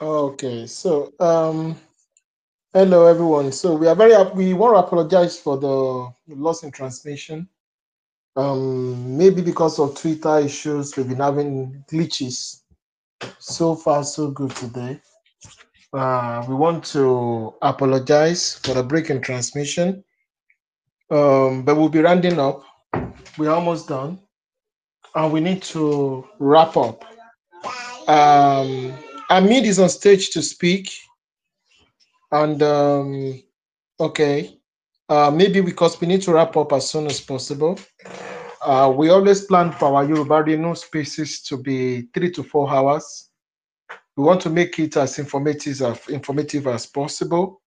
Okay, so um, hello everyone. So we are very we want to apologize for the loss in transmission. Um, maybe because of Twitter issues, we've been having glitches. So far, so good today. Uh, we want to apologize for the break in transmission. Um, but we'll be rounding up. We're almost done, and we need to wrap up. Um, Amid is on stage to speak. And um, okay, uh, maybe because we need to wrap up as soon as possible. Uh, we always plan for our Yoruba Reno spaces to be three to four hours. We want to make it as informative as, informative as possible,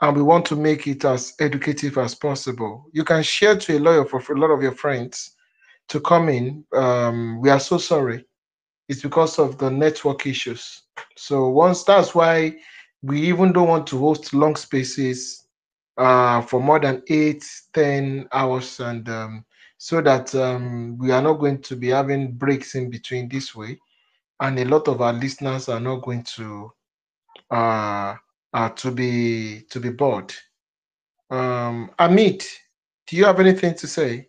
and we want to make it as educative as possible. You can share to a lot of, a lot of your friends to come in. Um, we are so sorry it's because of the network issues. So once that's why we even don't want to host long spaces uh, for more than eight, 10 hours, and um, so that um, we are not going to be having breaks in between this way. And a lot of our listeners are not going to uh, uh to be to be bored. Um, Amit, do you have anything to say?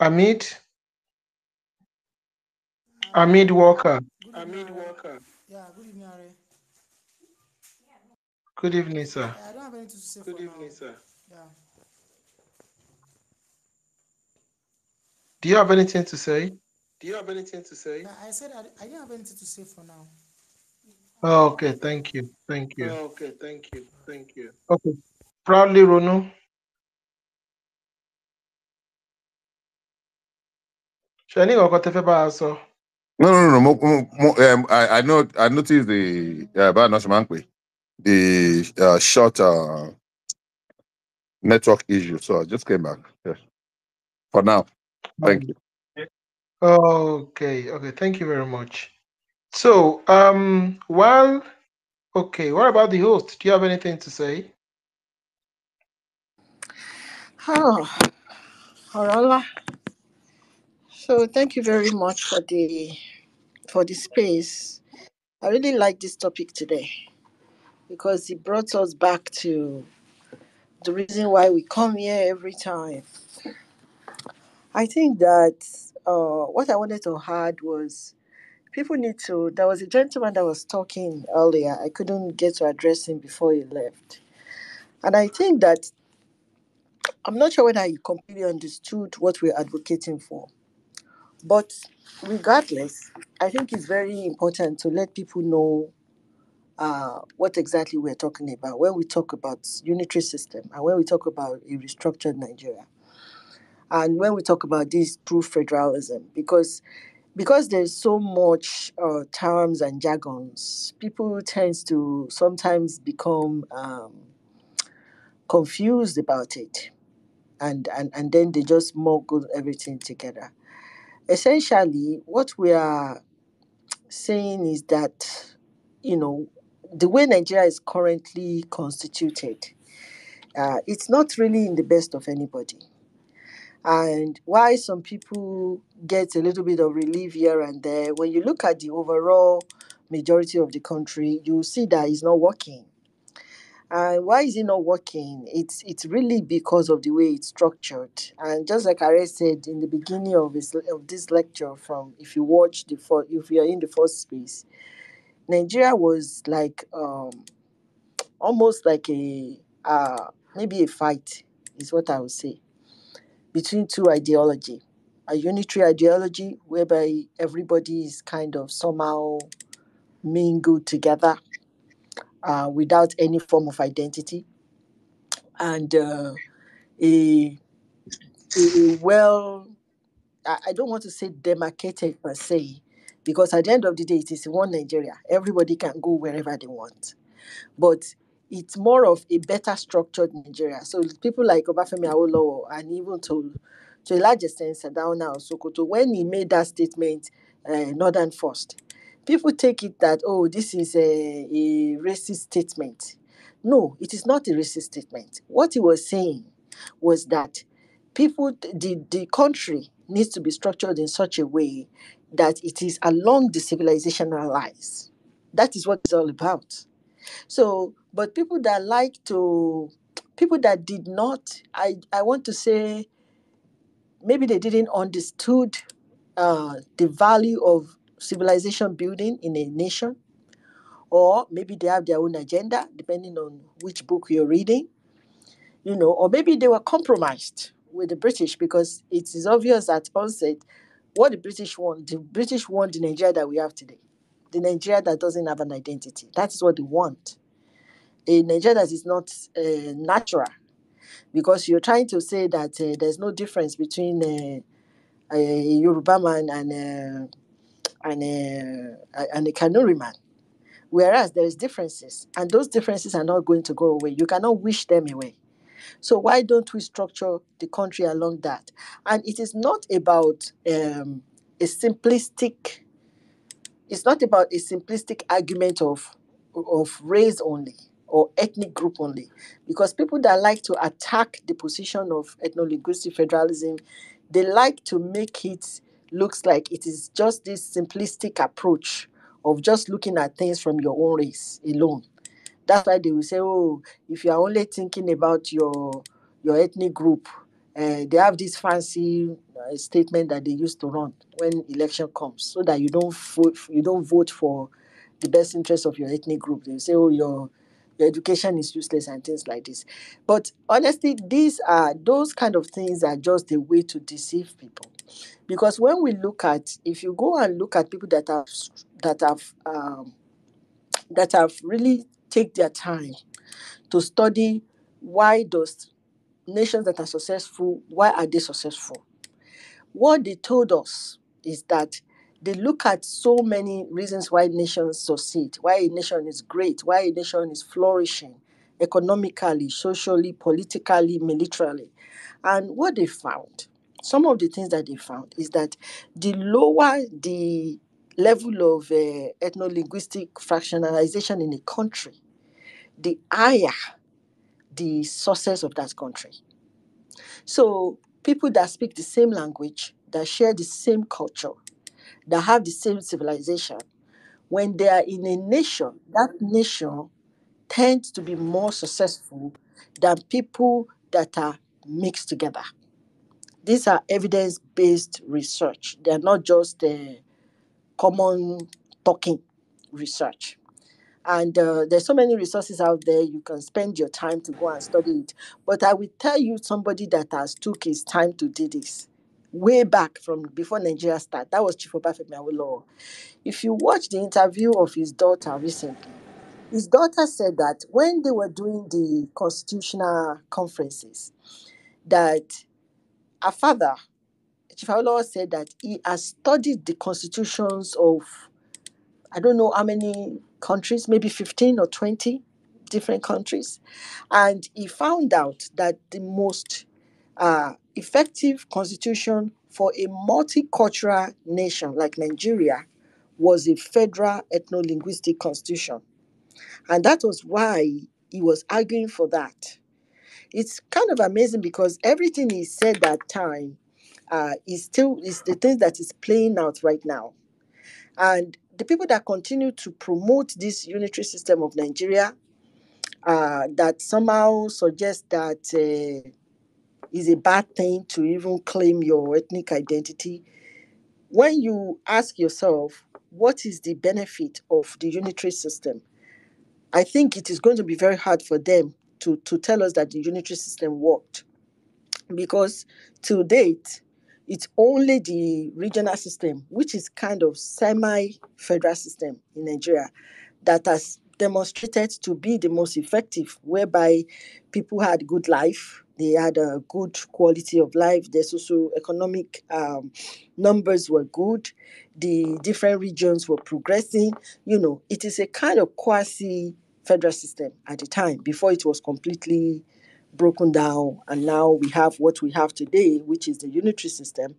Amit. Amit Walker. Amit Walker. Yeah, good evening, Ari. Good evening, sir. I don't have anything to say. Good evening, now. sir. Yeah. Do you have anything to say? Do you have anything to say? I said I, I didn't have anything to say for now. Oh, okay, thank you. Thank you. Oh, okay, thank you. Thank you. Okay. Proudly, Ronu. Shani Okotefeba No, no, no, no. Mo, mo, um, I, I know. I noticed the uh, by Nashimankwe, the uh, short uh, network issue. So I just came back. Yes. For now, thank you. Okay. Okay. Thank you very much. So, um, well, okay, what about the host? Do you have anything to say? Oh, ah, Horola. So thank you very much for the for the space. I really like this topic today because it brought us back to the reason why we come here every time. I think that uh, what I wanted to add was people need to. There was a gentleman that was talking earlier. I couldn't get to address him before he left, and I think that I'm not sure whether he completely understood what we're advocating for. But regardless, I think it's very important to let people know uh, what exactly we're talking about when we talk about unitary system and when we talk about a restructured Nigeria and when we talk about this true federalism because because there's so much uh, terms and jargons, people tend to sometimes become um, confused about it, and, and and then they just muggle everything together essentially what we are saying is that you know the way Nigeria is currently constituted, uh, it's not really in the best of anybody. And why some people get a little bit of relief here and there, when you look at the overall majority of the country, you see that it's not working. And why is it not working? It's it's really because of the way it's structured. And just like I said in the beginning of this of this lecture, from if you watch the first, if you're in the first space, Nigeria was like um, almost like a uh, maybe a fight is what I would say between two ideology, a unitary ideology whereby everybody is kind of somehow mingled together uh, without any form of identity. And uh, a, a, well, I, I don't want to say demarcated per se, because at the end of the day, it is one Nigeria. Everybody can go wherever they want. But it's more of a better structured Nigeria. So people like Obafemi Awolowo and even to to a large extent Sadauna or Sokoto, when he made that statement, uh, Northern First, people take it that oh this is a, a racist statement no it is not a racist statement what he was saying was that people the, the country needs to be structured in such a way that it is along the civilizational lines that is what it's all about so but people that like to people that did not i i want to say maybe they didn't understood uh, the value of civilization building in a nation, or maybe they have their own agenda, depending on which book you're reading, you know, or maybe they were compromised with the British because it is obvious at onset what the British want. The British want the Nigeria that we have today, the Nigeria that doesn't have an identity. That is what they want. A Nigeria that is not uh, natural, because you're trying to say that uh, there's no difference between uh, a Yoruba man and and a, uh, and a canoeman. Whereas there is differences, and those differences are not going to go away. You cannot wish them away. So why don't we structure the country along that? And it is not about um, a simplistic. It's not about a simplistic argument of of race only or ethnic group only, because people that like to attack the position of ethno-linguistic federalism, they like to make it looks like it is just this simplistic approach of just looking at things from your own race alone. That's why they will say, oh, if you are only thinking about your your ethnic group, uh, they have this fancy uh, statement that they used to run when election comes, so that you don't vote, you don't vote for the best interest of your ethnic group. They say, oh, your your education is useless and things like this. But honestly, these are those kind of things are just a way to deceive people. Because when we look at, if you go and look at people that have that have um, that have really take their time to study why those nations that are successful, why are they successful? What they told us is that they look at so many reasons why nations succeed, why a nation is great, why a nation is flourishing economically, socially, politically, militarily. And what they found some of the things that they found is that the lower the level of uh, ethno-linguistic fractionalization in a country, the higher the success of that country. So people that speak the same language, that share the same culture, that have the same civilization, when they are in a nation, that nation tends to be more successful than people that are mixed together. These are evidence based research, they're not just uh, common talking research. And uh, there's so many resources out there. You can spend your time to go and study it. But I will tell you somebody that has took his time to do this way back from before Nigeria started. That was Chief Obafemi Awolowo. If you watch the interview of his daughter recently, his daughter said that when they were doing the constitutional conferences, that our father, Chief said that he has studied the constitutions of I don't know how many countries, maybe 15 or 20 different countries. And he found out that the most uh, effective constitution for a multicultural nation like Nigeria was a federal ethno linguistic constitution. And that was why he was arguing for that it's kind of amazing because everything he said that time uh, is still is the thing that is playing out right now, and the people that continue to promote this unitary system of Nigeria uh, that somehow suggest that. Uh, is a bad thing to even claim your ethnic identity. When you ask yourself, what is the benefit of the unitary system? I think it is going to be very hard for them to, to tell us that the unitary system worked. Because to date, it's only the regional system, which is kind of semi-federal system in Nigeria, that has demonstrated to be the most effective, whereby people had good life, they had a good quality of life, their socio-economic um, numbers were good, the different regions were progressing. You know, it is a kind of quasi federal system at the time before it was completely broken down and now we have what we have today which is the unitary system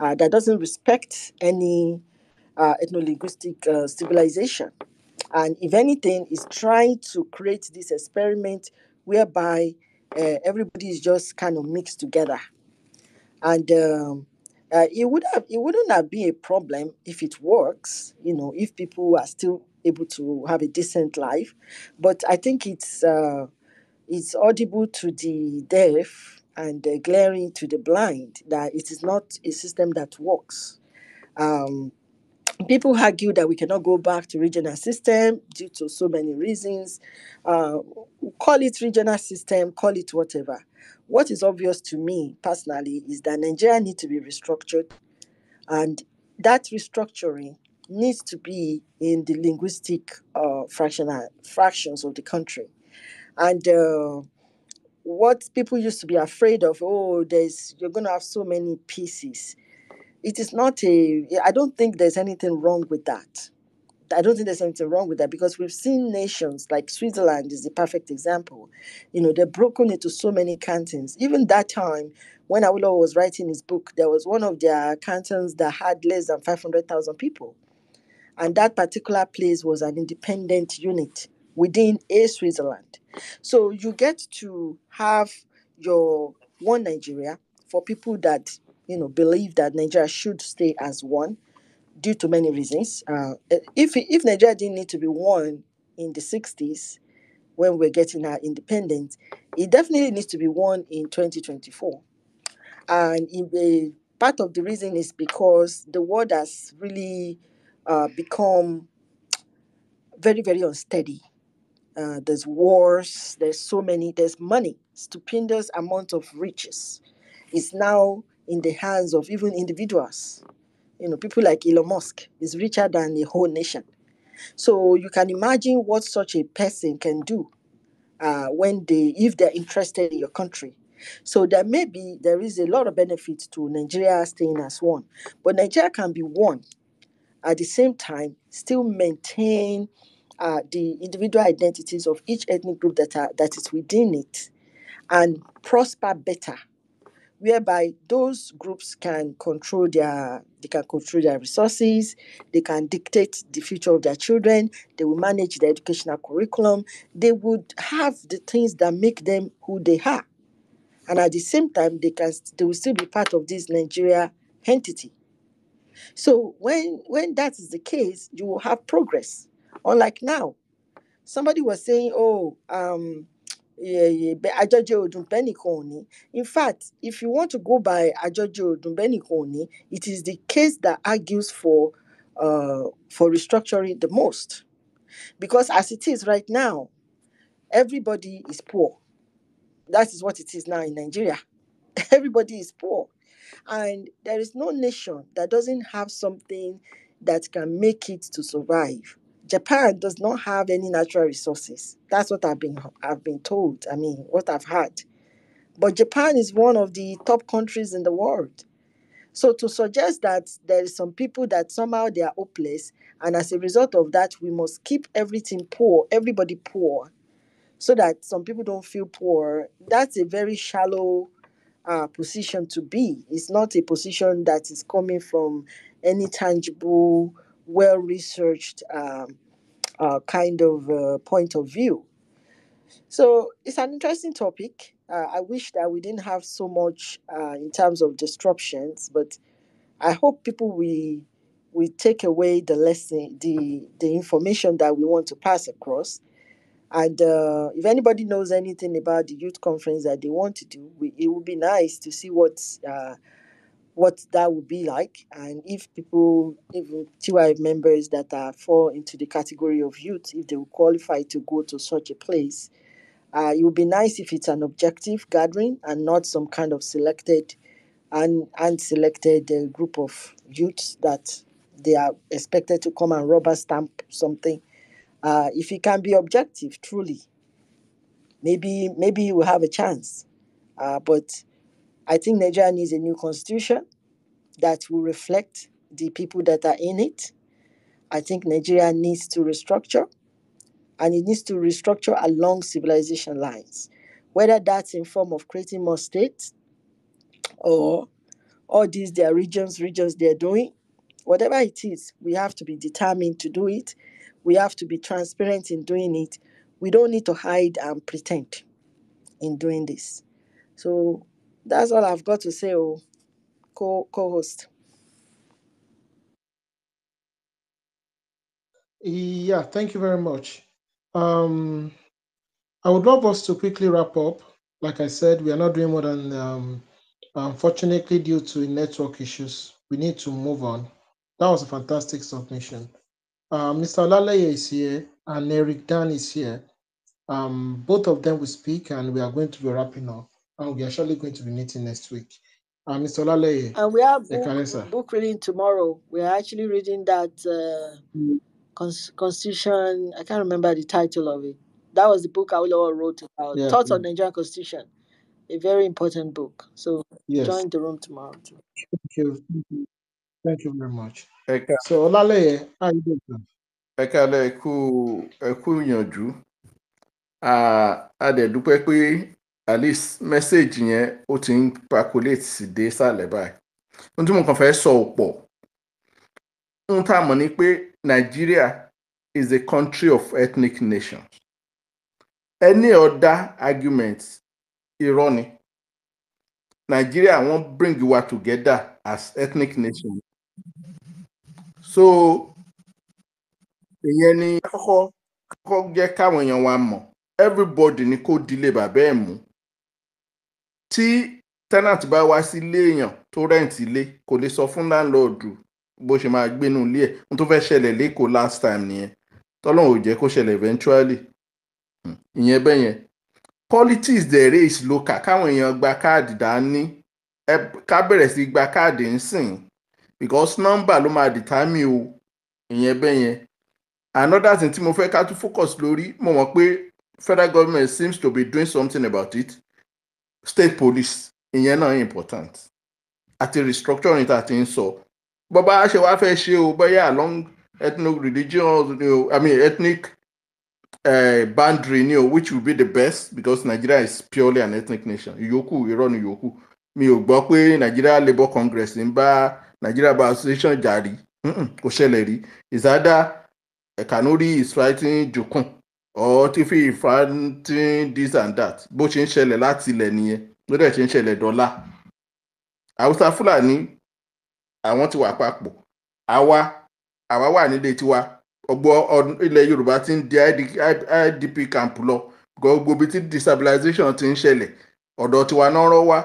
uh, that doesn't respect any uh, ethno-linguistic uh, civilization and if anything is trying to create this experiment whereby uh, everybody is just kind of mixed together and um, uh, it would have it wouldn't have been a problem if it works you know if people are still able to have a decent life. But I think it's uh, it's audible to the deaf and uh, glaring to the blind that it is not a system that works. Um, people argue that we cannot go back to regional system due to so many reasons uh, call it regional system call it whatever what is obvious to me personally is that nigeria needs to be restructured and that restructuring needs to be in the linguistic uh, fractional uh, fractions of the country. And uh, what people used to be afraid of, oh, there's you're going to have so many pieces. It is not a. I don't think there's anything wrong with that. I don't think there's anything wrong with that because we've seen nations like Switzerland is the perfect example. You know, they're broken into so many cantons. Even that time, when Awilo was writing his book, there was one of their cantons that had less than 500,000 people and that particular place was an independent unit within a Switzerland. So you get to have your one Nigeria for people that you know believe that Nigeria should stay as one due to many reasons. Uh, if if Nigeria didn't need to be one in the 60s when we're getting our independence, it definitely needs to be one in 2024. And in, part of the reason is because the world has really uh, become very, very unsteady. Uh, there's wars, there's so many, there's money, stupendous amount of riches. It's now in the hands of even individuals. You know, people like Elon Musk is richer than the whole nation. So you can imagine what such a person can do uh, when they, if they're interested in your country. So there may be, there is a lot of benefits to Nigeria staying as one, but Nigeria can be one at the same time still maintain uh, the individual identities of each ethnic group that are that is within it and prosper better whereby those groups can control their they can control their resources they can dictate the future of their children they will manage the educational curriculum they would have the things that make them who they are and at the same time they can they will still be part of this nigeria entity so when when that is the case, you will have progress. Unlike now, somebody was saying, "Oh, um, yeah, yeah, In fact, if you want to go by Ajojo Odumbeni it is the case that argues for uh, for restructuring the most, because as it is right now, everybody is poor. That is what it is now in Nigeria. Everybody is poor. And there is no nation that doesn't have something that can make it to survive. Japan does not have any natural resources. That's what I've been I've been told. I mean, what I've had. But Japan is one of the top countries in the world. So to suggest that there is some people that somehow they are hopeless, and as a result of that, we must keep everything poor, everybody poor, so that some people don't feel poor. That's a very shallow uh, position to be. It's not a position that is coming from any tangible, well researched um, uh, kind of uh, point of view. So it's an interesting topic. Uh, I wish that we didn't have so much uh, in terms of disruptions, but I hope people will we take away the lesson, the the information that we want to pass across, and uh, if anybody knows anything about the youth conference that they want to do, we, it would be nice to see what uh, what that would be like, and if people, if TY members that are fall into the category of youth, if they will qualify to go to such a place. Uh, it would be nice if it's an objective gathering and not some kind of selected and unselected uh, group of youths that they are expected to come and rubber stamp something uh, if he can be objective, truly, maybe maybe we'll have a chance. Uh, but I think Nigeria needs a new constitution that will reflect the people that are in it. I think Nigeria needs to restructure, and it needs to restructure along civilization lines, whether that's in form of creating more states, or all these their regions, regions they're doing, whatever it is, we have to be determined to do it we have to be transparent in doing it. We don't need to hide and pretend in doing this. So that's all I've got to say, oh, co host. Yeah, thank you very much. Um, I would love us to quickly wrap up. Like I said, we are not doing more than, um, unfortunately, due to network issues, we need to move on. That was a fantastic submission. Um, uh, Mr. Lalaye is here and Eric Dan is here. Um, both of them will speak and we are going to be wrapping up and we are surely going to be meeting next week. Uh, Mr. Lalaye. And uh, we are book, book, reading tomorrow. We are actually reading that uh, mm. Cons- Constitution. I can't remember the title of it. That was the book Awolowo wrote about yeah, thoughts yeah. on Nigerian Constitution. A very important book. So yes. join the room tomorrow. Too. Thank you. Thank you very much. Ẹ̀ka so Ọlálẹ́yẹ how you doing sir? Ẹ̀ka lẹ ẹ̀kú ẹ̀kú ìyànjú a dẹ̀ dúpẹ́ pé at least mẹ́sẹ̀gì yẹn ó ti ń percolate sí dé sàlẹ̀ báyìí ohun tí mo kàn fẹ́ sọ ò pọ̀ ohun tá a mọ̀ ni pé Nàìjíríà is a country of ethnic nations any other argument irọ́ ni Nàìjíríà wọ́n bring wa together as ethnic nations so ìyẹn ni kọ́kọ́ kọ́kọ́ jẹ́ káwọn èèyàn wa mọ̀ everybody ni kò dilé bàbá ẹ̀ mú tí tenant bá wá sí ilé èèyàn tó rẹ́ǹtì ilé kò lè sọ fún láńlọ́ọ̀dù bó ṣe máa gbénu ilé ẹ̀ n tó fẹ́ ṣẹlẹ̀ lẹ́kọ̀ọ́ last time nìyẹn tọ́lọ́run ò jẹ́ kó ṣẹlẹ̀ eventually hmm, ìyẹn bẹ́ẹ̀ yẹn politics the race local káwọn èèyàn gba káàdì dání ká bẹ̀rẹ̀ sí gba káàdì ń sìn because number ló máa determine o ìyẹn bẹ́ẹ̀ yẹn another thing tí mo fẹ́ ká tún focus lórí mo mọ̀ pé federal government seems to be doing something about it state police ìyẹn náà important àti restructuring tá a ti ń sọ bọ́bá ṣe wá fẹ́ ṣe o bóyá along ethnic religious i mean ethnic uh, boundary ni o which will be the best because Nigeria is purely an ethnic nation ìyókù irọ́ ni ìyókù mi ò gbọ́ pé Nigeria Labour Congress ń bá nigeria bar association jàrí kò ṣẹlẹ̀ rí ìsádà ẹ̀kánórí is fighting jukun or tifi fighting this and that bó ṣe ń ṣẹlẹ̀ láti ilẹ̀ nìyẹn ló dẹ̀ ṣe ń ṣẹlẹ̀ dọ́là haúsá fúlàní àwọn ti wà papọ̀ àwa àwa wà nílé tiwa ọgbọ ilẹ̀ yorùbá ti ń di idp camp lọ gbogbo ibi tí destabilization ti ń ṣẹlẹ̀ ọ̀dọ̀ tiwa náà rọ́ wá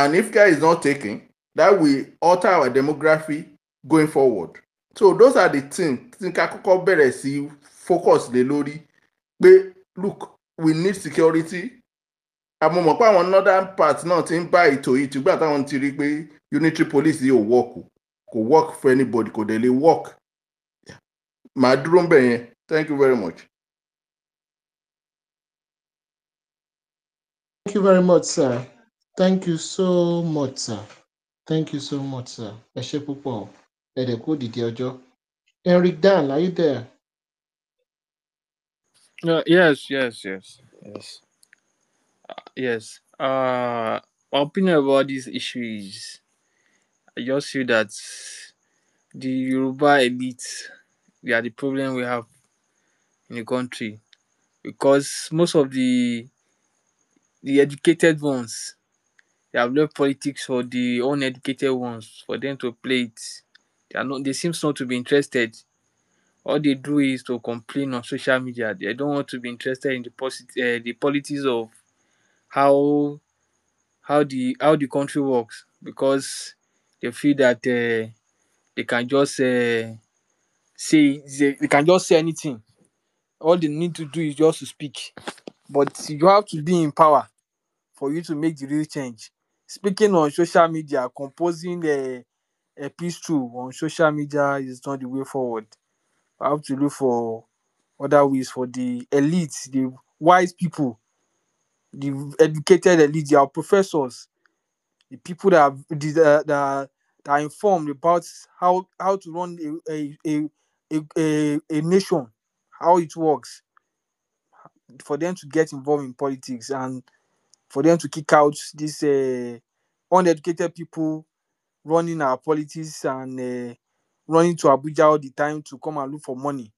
and if care is not taken that will alter our demography going forward so those are the things Think I could bẹ̀rẹ̀ see. focus the lórí But look we need security àmọ̀mọ̀ pé àwọn northern part náà ti ń bá ètò yìí tìgbà táwọn ti rí pé unitary police yìí work kò work for anybody kò dẹ̀ lè work màá dúró ń bẹ̀ yẹn thank you very much. Thank you very much, sir. Thank you so much, sir. Thank you so much, sir. Ẹ púpọ̀. o. dẹ̀ kú òdìdí ọjọ́. Eric Dan, are you there? Uh, yes, yes, yes, yes, uh, yes. Uh, my opinion about this issue is I just feel that the Yoruba elite they are the problem we have in the country because most of the the educated ones they have left politics for the uneducated ones for them to play it. They are not. They seems not to be interested. All they do is to complain on social media. They don't want to be interested in the posit- uh, eh, the politics of how how the how the country works because they feel that uh, they can just uh, say they, they can just say anything. All they need to do is just to speak. But you have to be in power for you to make the real change speaking on social media composing a eh, epistle eh, on social media is not the way forward i have to look for other ways for the elite the wise people the educated elite they professors the people that are, that, are, that are informed about how how to run a a, a, a, a nation how it works for them to get involved in politics and for them to kick out these uh, uneducated people running our politics and uh, running to Abuja all the time to come and look for money.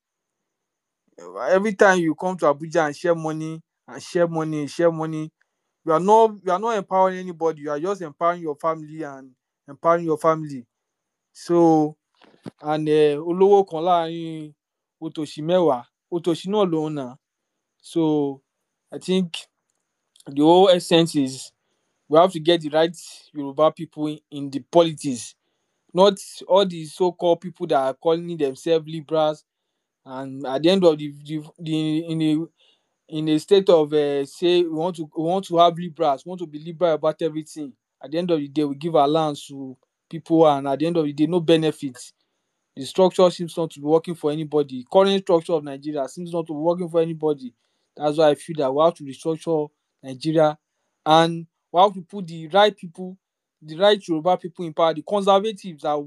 Every time you come to Abuja and share money and share money and share money, you are not you are not empowering anybody. You are just empowering your family and empowering your family. So and uh, olówó kola in òtòṣì mẹ́wàá lona. so I think the whole essence is we have to get the right Yoruba people in, in the politics, not all the so-called people that are calling themselves liberals, and at the end of the, the, the in the in the state of uh, say we want to we want to have liberals, we want to be liberal about everything. At the end of the day, we give allowance to people, and at the end of the day, no benefits. The structure seems not to be working for anybody. Current structure of Nigeria seems not to be working for anybody. That's why I feel that we have to restructure nigeria and we have to put the right people the right yoruba people in power the conservatives are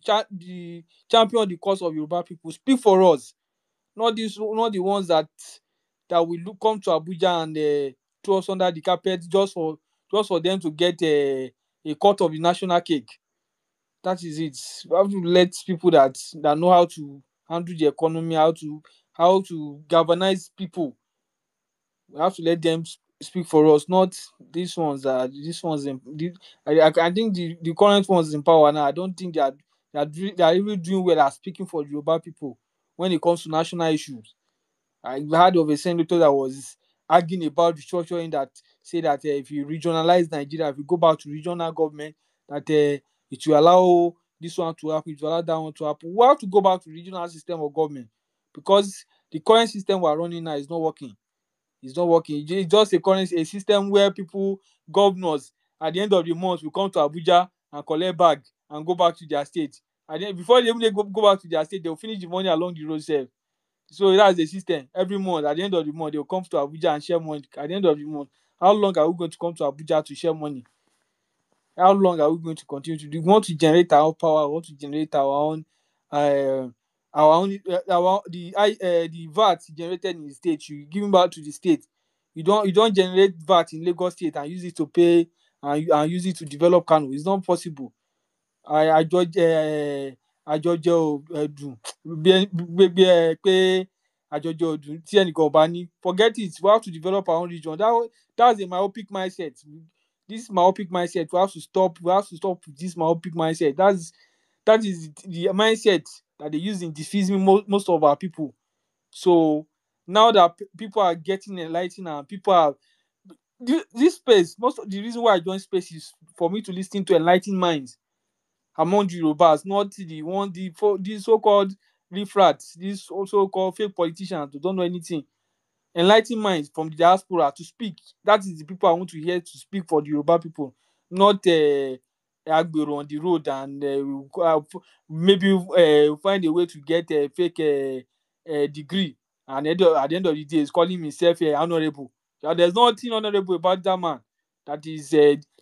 cha the champion the cause of yoruba people speak for us not this not the ones that that will look, come to abuja and uh, throw us under the carpet just for just for them to get uh, a cut of the national cake that is it we have to let people that that know how to handle the economy how to how to galvanize people we have to let them speak for us, not these ones that these ones. In, the, I, I think the, the current ones in power now. I don't think they are they are, they are even doing well at speaking for the Yoruba people when it comes to national issues. I heard of a senator that was arguing about restructuring that say that uh, if you regionalize Nigeria, if you go back to regional government, that uh, it will allow this one to happen, it will allow that one to happen. We have to go back to regional system of government because the current system we are running now is not working. it's not working it's just a current a system where people governors at the end of the month will come to abuja and collect bag and go back to their state and then before they even go, go back to their state they will finish the money along the road sef so that's the system every month at the end of the month they will come to abuja and share money at the end of the month how long are we going to come to abuja to share money how long are we going to continue to do we want to generate our own power we want to generate our own uh, our own eh, our the i uh, the vat generated in the state you give back to the state you don you don generate vat in lagos state and use it to pay and and use it to develop kano it's not possible i I eh, I judge, judge àjọjẹ àjọjẹ ọdún gbẹgbẹ I judge ọdún tí ẹnìkan ọba ní forget it we have to develop our own region that that's a myopic mindset this myopic mindset we have to stop we have to stop this myopic mindset that's that is the mindset that they use in defeasing most, most of our people. So now that p- people are getting enlightened and people are this space, most of the reason why I joined space is for me to listen to enlightened minds among Yorubas, not the one the for these so-called refrats, these also called fake politicians who don't know anything. Enlightened minds from the diaspora to speak. That is the people I want to hear to speak for the Yoruba people, not uh, Agbero on the road and eh, uh, maybe uh, find a way to get a eh, fake uh, degree. And at the end of the day, he's calling himself honorable. There's nothing honorable about that man that is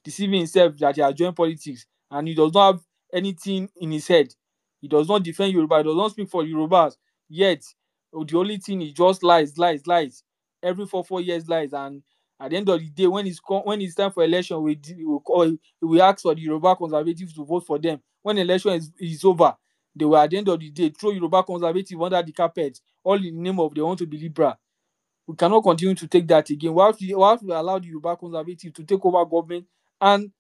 deceiving himself that he has joined politics and he does not have anything in his head. He does not defend Yoruba, he does not speak for Yorubas. Yet, the only thing he just lies, lies, lies. Every four, four years lies. And at the end of the day, when it's when it's time for election, we we call, we ask for the Yoruba conservatives to vote for them. When election is, is over, they will at the end of the day throw Yoruba conservative under the carpet, all in the name of they want to be liberal. We cannot continue to take that again. Why we, we allow the Yoruba conservative to take over government and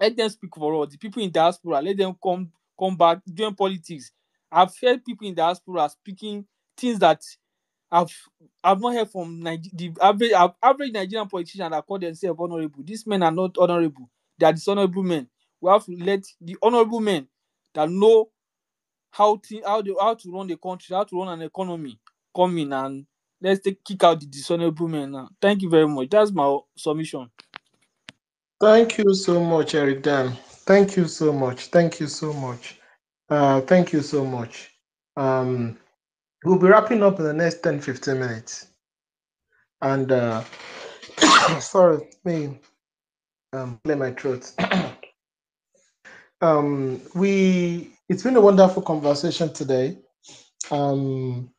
let them speak for all The people in diaspora, let them come come back doing politics. I've heard people in diaspora speaking things that I've I've not heard from Niger- the average average Nigerian politician that call themselves honourable, These men are not honourable. They are dishonourable men. We have to let the honourable men that know how to how, they, how to run the country, how to run an economy, come in and let's take kick out the dishonourable men now. Thank you very much. That's my submission. Thank you so much, Eric Dan. Thank you so much. Thank you so much. Uh, thank you so much. Um, We'll be wrapping up in the next 10 15 minutes. And uh, sorry, me um, clear my throat. um, we it's been a wonderful conversation today. Um,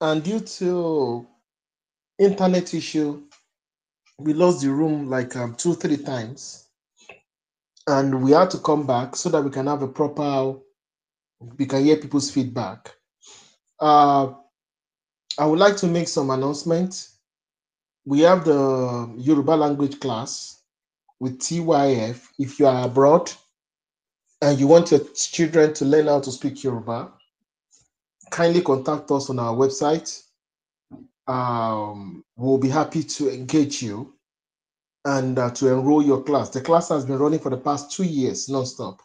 and due to internet issue, we lost the room like um, two three times, and we had to come back so that we can have a proper we can hear people's feedback. Uh, I would like to make some announcements. We have the Yoruba language class with TYF. If you are abroad and you want your children to learn how to speak Yoruba, kindly contact us on our website. Um, we'll be happy to engage you and uh, to enroll your class. The class has been running for the past two years nonstop.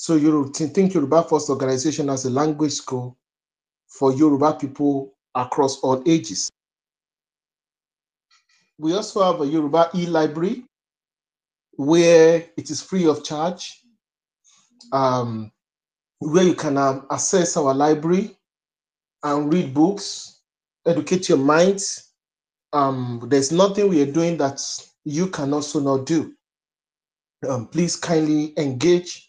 So you think Yoruba First Organization as a language school for Yoruba people across all ages. We also have a Yoruba e-library where it is free of charge, um, where you can um, access our library and read books, educate your mind. Um, there's nothing we are doing that you can also not do. Um, please kindly engage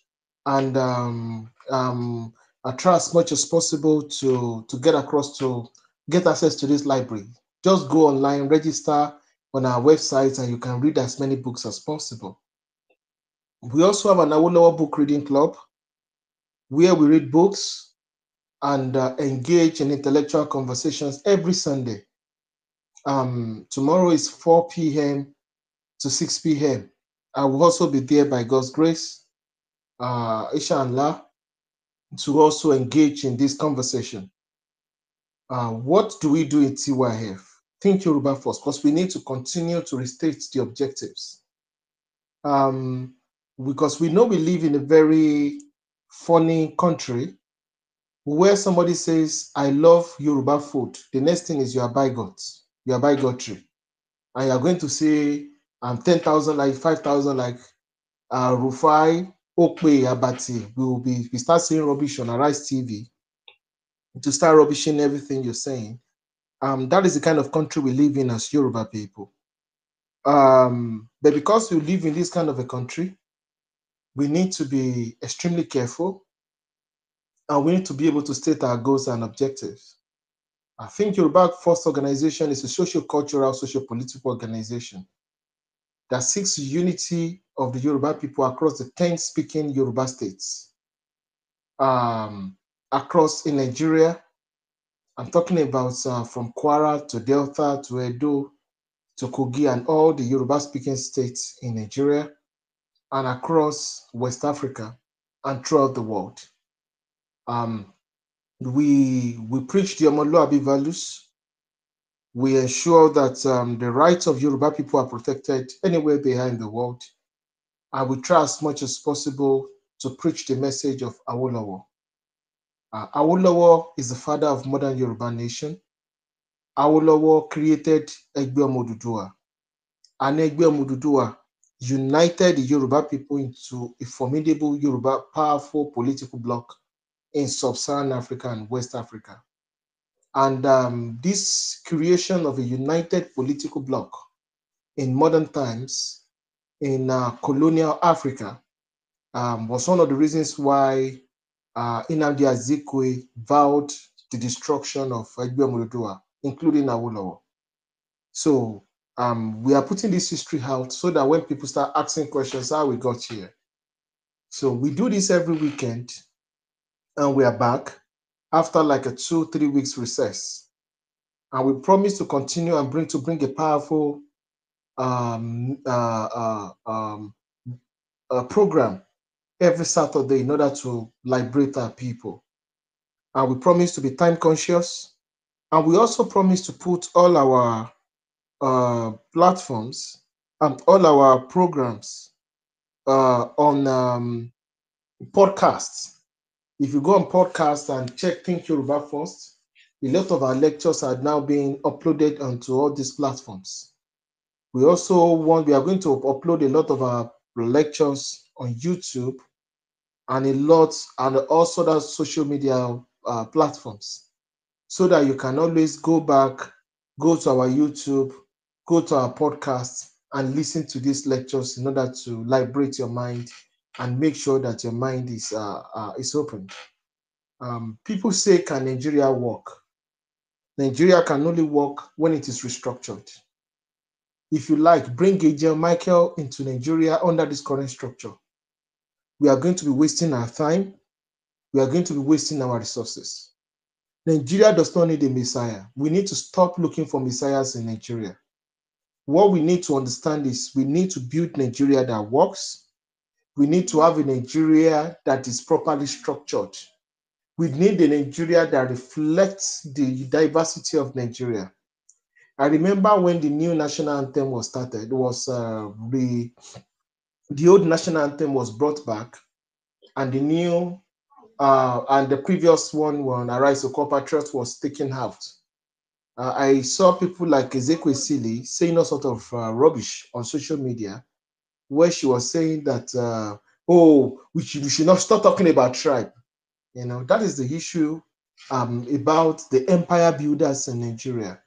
and um, um, I try as much as possible to to get across to get access to this library. Just go online, register on our website, and you can read as many books as possible. We also have an Awolowo Book Reading Club, where we read books and uh, engage in intellectual conversations every Sunday. Um, tomorrow is 4 p.m. to 6 p.m. I will also be there by God's grace uh, La to also engage in this conversation. Uh, what do we do in TYF? Think Yoruba first, because we need to continue to restate the objectives. Um, because we know we live in a very funny country where somebody says, I love Yoruba food. The next thing is you are bigot, you are bigotry. And you are going to say, I'm 10,000 like, 5,000 like, uh, Rufai, Okwe Abati will be we start seeing rubbish on Arise TV to start rubbishing everything you're saying. Um, that is the kind of country we live in as Yoruba people. Um, but because we live in this kind of a country, we need to be extremely careful and we need to be able to state our goals and objectives. I think Yoruba First Organization is a social, cultural, social, political organization that seeks unity of the Yoruba people across the 10 speaking Yoruba states, um, across in Nigeria. I'm talking about uh, from Kwara to Delta to Edo to Kogi and all the Yoruba speaking states in Nigeria and across West Africa and throughout the world. Um, we, we preach the Omoluabi values. We ensure that um, the rights of Yoruba people are protected anywhere they are in the world I will try as much as possible to preach the message of Awolowo. Uh, Awolowo is the father of modern Yoruba nation. Awolowo created Egbe Omoduduwa. And Egbe Omoduduwa united the Yoruba people into a formidable Yoruba powerful political bloc in sub-Saharan Africa and West Africa. And um, this creation of a united political bloc in modern times in uh, colonial Africa um, was one of the reasons why uh, Inamdi Azikwe vowed the destruction of Igbe Muludua, including Awolowo. So um, we are putting this history out so that when people start asking questions, how we got here. So we do this every weekend, and we are back after like a two, three weeks recess. And we promise to continue and bring to bring a powerful um, uh, uh um, program every Saturday in order to liberate our people. And we promise to be time conscious. And we also promise to put all our uh, platforms and all our programs uh, on um, podcasts. If you go on podcasts and check Think Yoruba first, a lot of our lectures are now being uploaded onto all these platforms. We also want, we are going to upload a lot of our lectures on YouTube and a lot, and also that social media uh, platforms so that you can always go back, go to our YouTube, go to our podcast, and listen to these lectures in order to liberate your mind and make sure that your mind is uh, uh, is open. Um, people say, "Can Nigeria work?" Nigeria can only work when it is restructured if you like, bring Agel Michael into Nigeria under this current structure. We are going to be wasting our time. We are going to be wasting our resources. Nigeria does not need a messiah. We need to stop looking for messiahs in Nigeria. What we need to understand is we need to build Nigeria that works. We need to have a Nigeria that is properly structured. We need a Nigeria that reflects the diversity of Nigeria. I remember when the new national anthem was started, was uh, the the old national anthem was brought back, and the new uh, and the previous one, when Arise Oko Patriot was taken out. Uh, I saw people like Ezekiel Silly saying all sort of uh, rubbish on social media, where she was saying that, uh, oh, we should, we should not stop talking about tribe. You know, that is the issue um, about the empire builders in Nigeria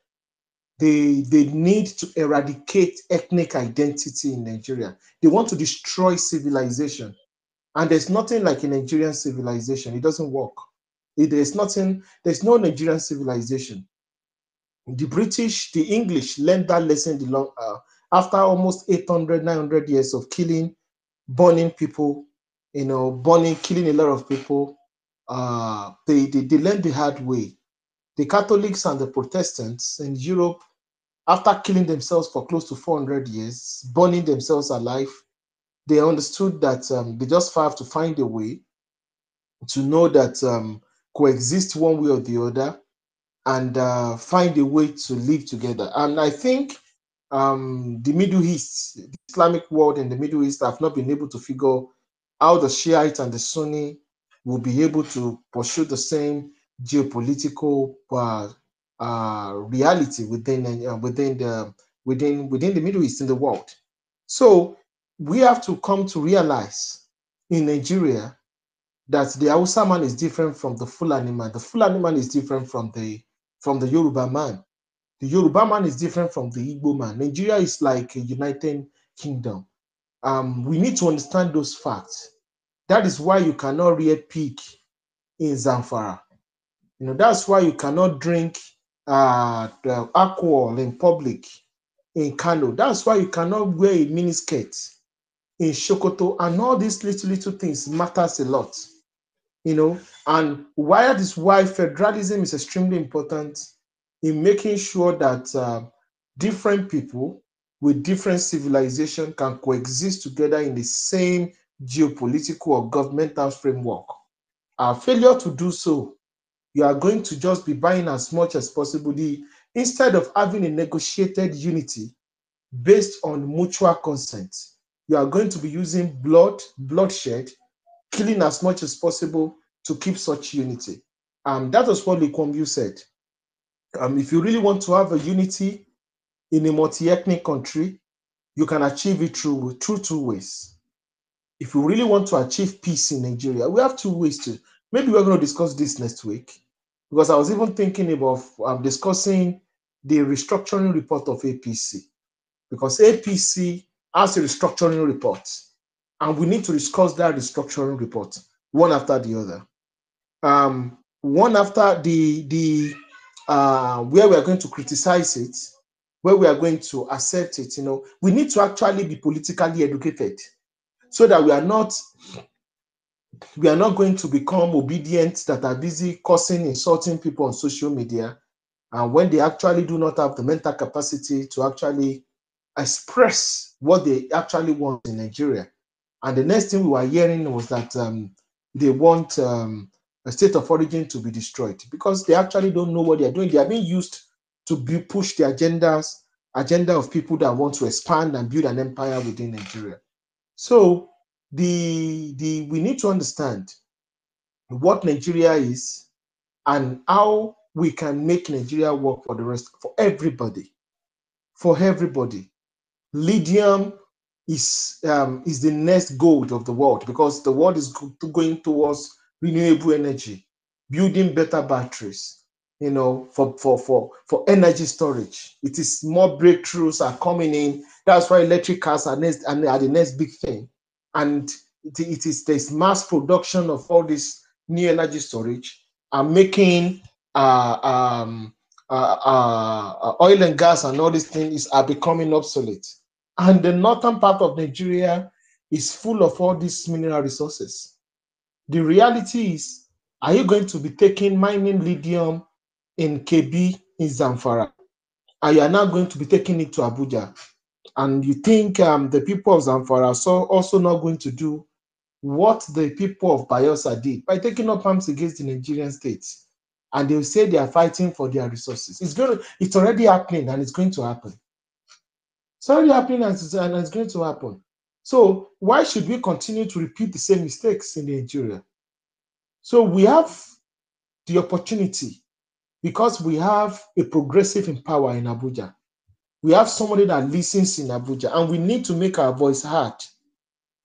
they, they need to eradicate ethnic identity in Nigeria. They want to destroy civilization. And there's nothing like a Nigerian civilization. It doesn't work. It, there's nothing, there's no Nigerian civilization. The British, the English learned that lesson the long, uh, after almost 800, 900 years of killing, burning people, you know, burning, killing a lot of people. Uh, they, they, they learned the hard way. The Catholics and the Protestants in Europe after killing themselves for close to 400 years, burning themselves alive, they understood that um, they just have to find a way to know that um, coexist one way or the other and uh, find a way to live together. And I think um, the Middle East, the Islamic world and the Middle East have not been able to figure how the Shiite and the Sunni will be able to pursue the same geopolitical uh, uh, reality within uh, within the within within the Middle East in the world. So we have to come to realize in Nigeria that the Hausa man is different from the Fulani man. The Fulani man is different from the from the Yoruba man. The Yoruba man is different from the Igbo man. Nigeria is like a United Kingdom. Um, we need to understand those facts. That is why you cannot rear pig in Zamfara. You know that's why you cannot drink at uh, um, alcohol in public in Kano. That's why you cannot wear a miniskirt in Shokoto. And all these little, little things matters a lot, you know. And why this why federalism is extremely important in making sure that uh, different people with different civilization can coexist together in the same geopolitical or governmental framework. Our failure to do so you are going to just be buying as much as possible. The, instead of having a negotiated unity based on mutual consent, you are going to be using blood, bloodshed, killing as much as possible to keep such unity. Um, that was what Likwambu said. Um, if you really want to have a unity in a multi-ethnic country, you can achieve it through, through two ways. If you really want to achieve peace in Nigeria, we have two ways to Maybe we're going to discuss this next week because I was even thinking about um, discussing the restructuring report of APC because APC has a restructuring report and we need to discuss that restructuring report one after the other. Um, one after the the uh, where we are going to criticize it, where we are going to accept it. You know, we need to actually be politically educated so that we are not we are not going to become obedient that are busy cursing, insulting people on social media, and when they actually do not have the mental capacity to actually express what they actually want in Nigeria. And the next thing we were hearing was that um, they want um, a state of origin to be destroyed because they actually don't know what they are doing. They are being used to be, push the agendas, agenda of people that want to expand and build an empire within Nigeria. So the the we need to understand what Nigeria is and how we can make Nigeria work for the rest for everybody. For everybody, lithium is um, is the next gold of the world because the world is going towards renewable energy, building better batteries. You know, for for for for energy storage, it is more breakthroughs are coming in. That's why electric cars are next and are the next big thing and it is this mass production of all this new energy storage are making uh, um, uh, uh, oil and gas and all these things are becoming obsolete. And the northern part of Nigeria is full of all these mineral resources. The reality is, are you going to be taking mining lithium in KB in Zamfara? Are you now going to be taking it to Abuja? and you think um, the people of Zamfara are also not going to do what the people of Bayelsa did by taking up arms against the Nigerian state, and they will say they are fighting for their resources. It's going to, it's already happening, and it's going to happen. It's already happening, and it's, and it's going to happen. So why should we continue to repeat the same mistakes in Nigeria? So we have the opportunity because we have a progressive in power in Abuja we have somebody that listens in Abuja, and we need to make our voice heard.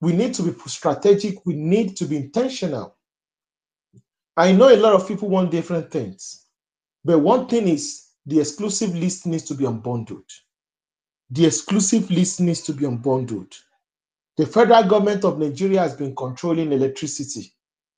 We need to be strategic. We need to be intentional. I know a lot of people want different things, but one thing is the exclusive list needs to be unbundled. The exclusive list needs to be unbundled. The federal government of Nigeria has been controlling electricity.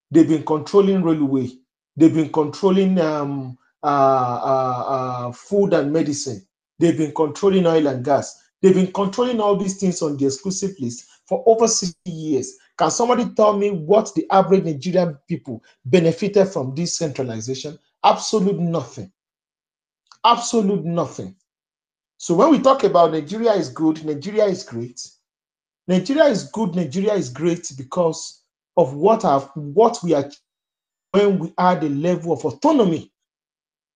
They've been controlling railway. They've been controlling um, uh, uh, uh, food and medicine. They've been controlling oil and gas. They've been controlling all these things on the exclusive list for over 60 years. Can somebody tell me what the average Nigerian people benefited from this centralization? Absolute nothing. Absolute nothing. So when we talk about Nigeria is good, Nigeria is great. Nigeria is good, Nigeria is great because of what have what we are when we add the level of autonomy,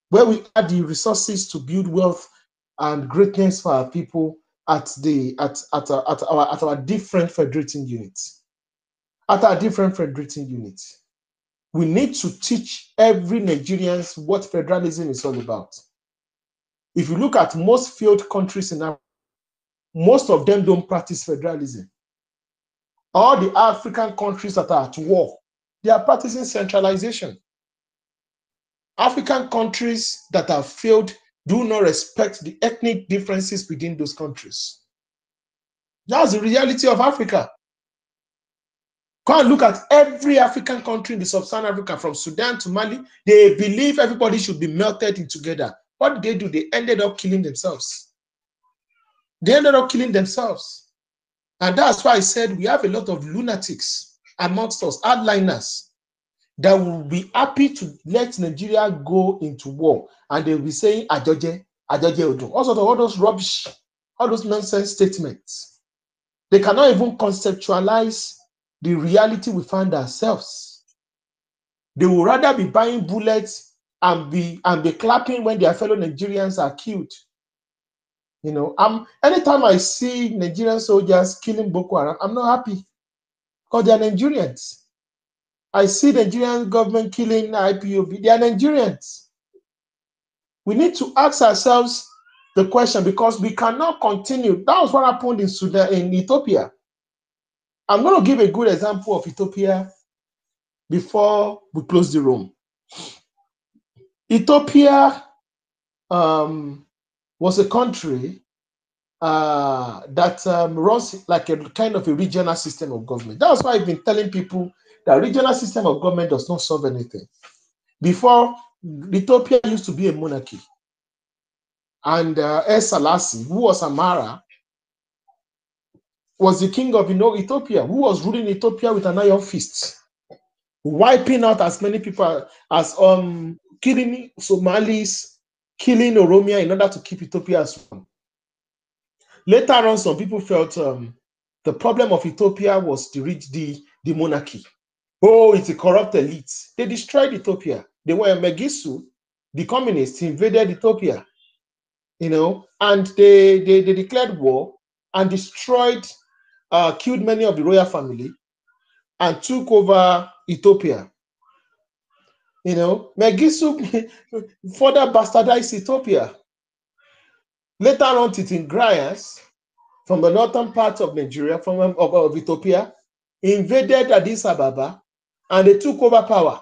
where we add the resources to build wealth and greatness for our people at the at at our, at our at our different federating units. At our different federating units, we need to teach every Nigerians what federalism is all about. If you look at most failed countries in Africa, most of them don't practice federalism. All the African countries that are at war, they are practicing centralization. African countries that have failed do not respect the ethnic differences within those countries. That's the reality of Africa. Go and look at every African country in the sub-Saharan Africa, from Sudan to Mali. They believe everybody should be melted in together. What did they do? They ended up killing themselves. They ended up killing themselves. And that's why I said we have a lot of lunatics amongst us, outliners, that will be happy to let Nigeria go into war, and they will be saying Ajoje, Ajoje Odo. Also, all those rubbish, all those nonsense statements. They cannot even conceptualize the reality we find ourselves. They would rather be buying bullets and be and be clapping when their fellow Nigerians are killed. You know, I'm anytime I see Nigerian soldiers killing Boko Haram, I'm not happy because they are Nigerians. I see the Nigerian government killing IPOB. They are Nigerians. We need to ask ourselves the question because we cannot continue. That was what happened in Sudan, in Ethiopia. I'm going to give a good example of Ethiopia before we close the room. Ethiopia um, was a country uh, that um, runs like a kind of a regional system of government. That's why I've been telling people the regional system of government does not solve anything. Before, Ethiopia used to be a monarchy. And uh, Es who was Amara, was the king of you know, Ethiopia, who was ruling Ethiopia with an iron fist, wiping out as many people as um killing Somalis, killing Oromia in order to keep Ethiopia as one. Later on, some people felt um, the problem of Ethiopia was the, the, the monarchy. Oh, it's a corrupt elite. They destroyed Ethiopia. They were Megisu, the communists invaded Ethiopia, you know, and they, they, they declared war and destroyed, uh, killed many of the royal family and took over Ethiopia. You know, Megisu further bastardized Ethiopia. Later on, Titingrayas from the northern part of Nigeria, from of, of Ethiopia, invaded Addis Ababa and they took over power.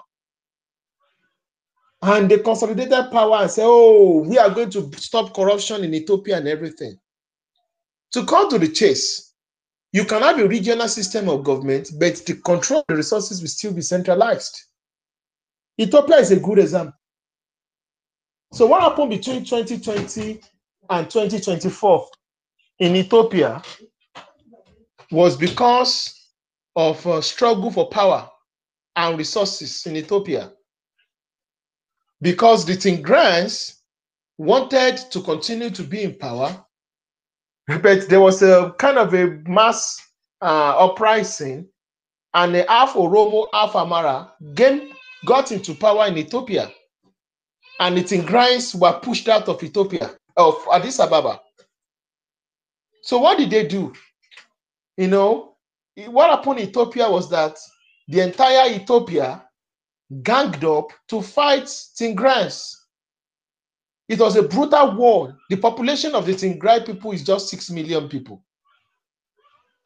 And they consolidated power and said, oh, we are going to stop corruption in Ethiopia and everything. To come to the chase, you can have a regional system of government, but the control of the resources will still be centralized. Ethiopia is a good example. So what happened between 2020 and 2024 in Ethiopia was because of a uh, struggle for power and resources in Ethiopia because the Tigrans wanted to continue to be in power, but there was a kind of a mass uh, uprising, and the half Oromo, half Amara game got into power in Ethiopia, and the Tigrans were pushed out of Ethiopia of Addis Ababa. So what did they do? You know, what happened in Ethiopia was that the entire Ethiopia ganged up to fight Tigrans. It was a brutal war. The population of the Tigray people is just 6 million people.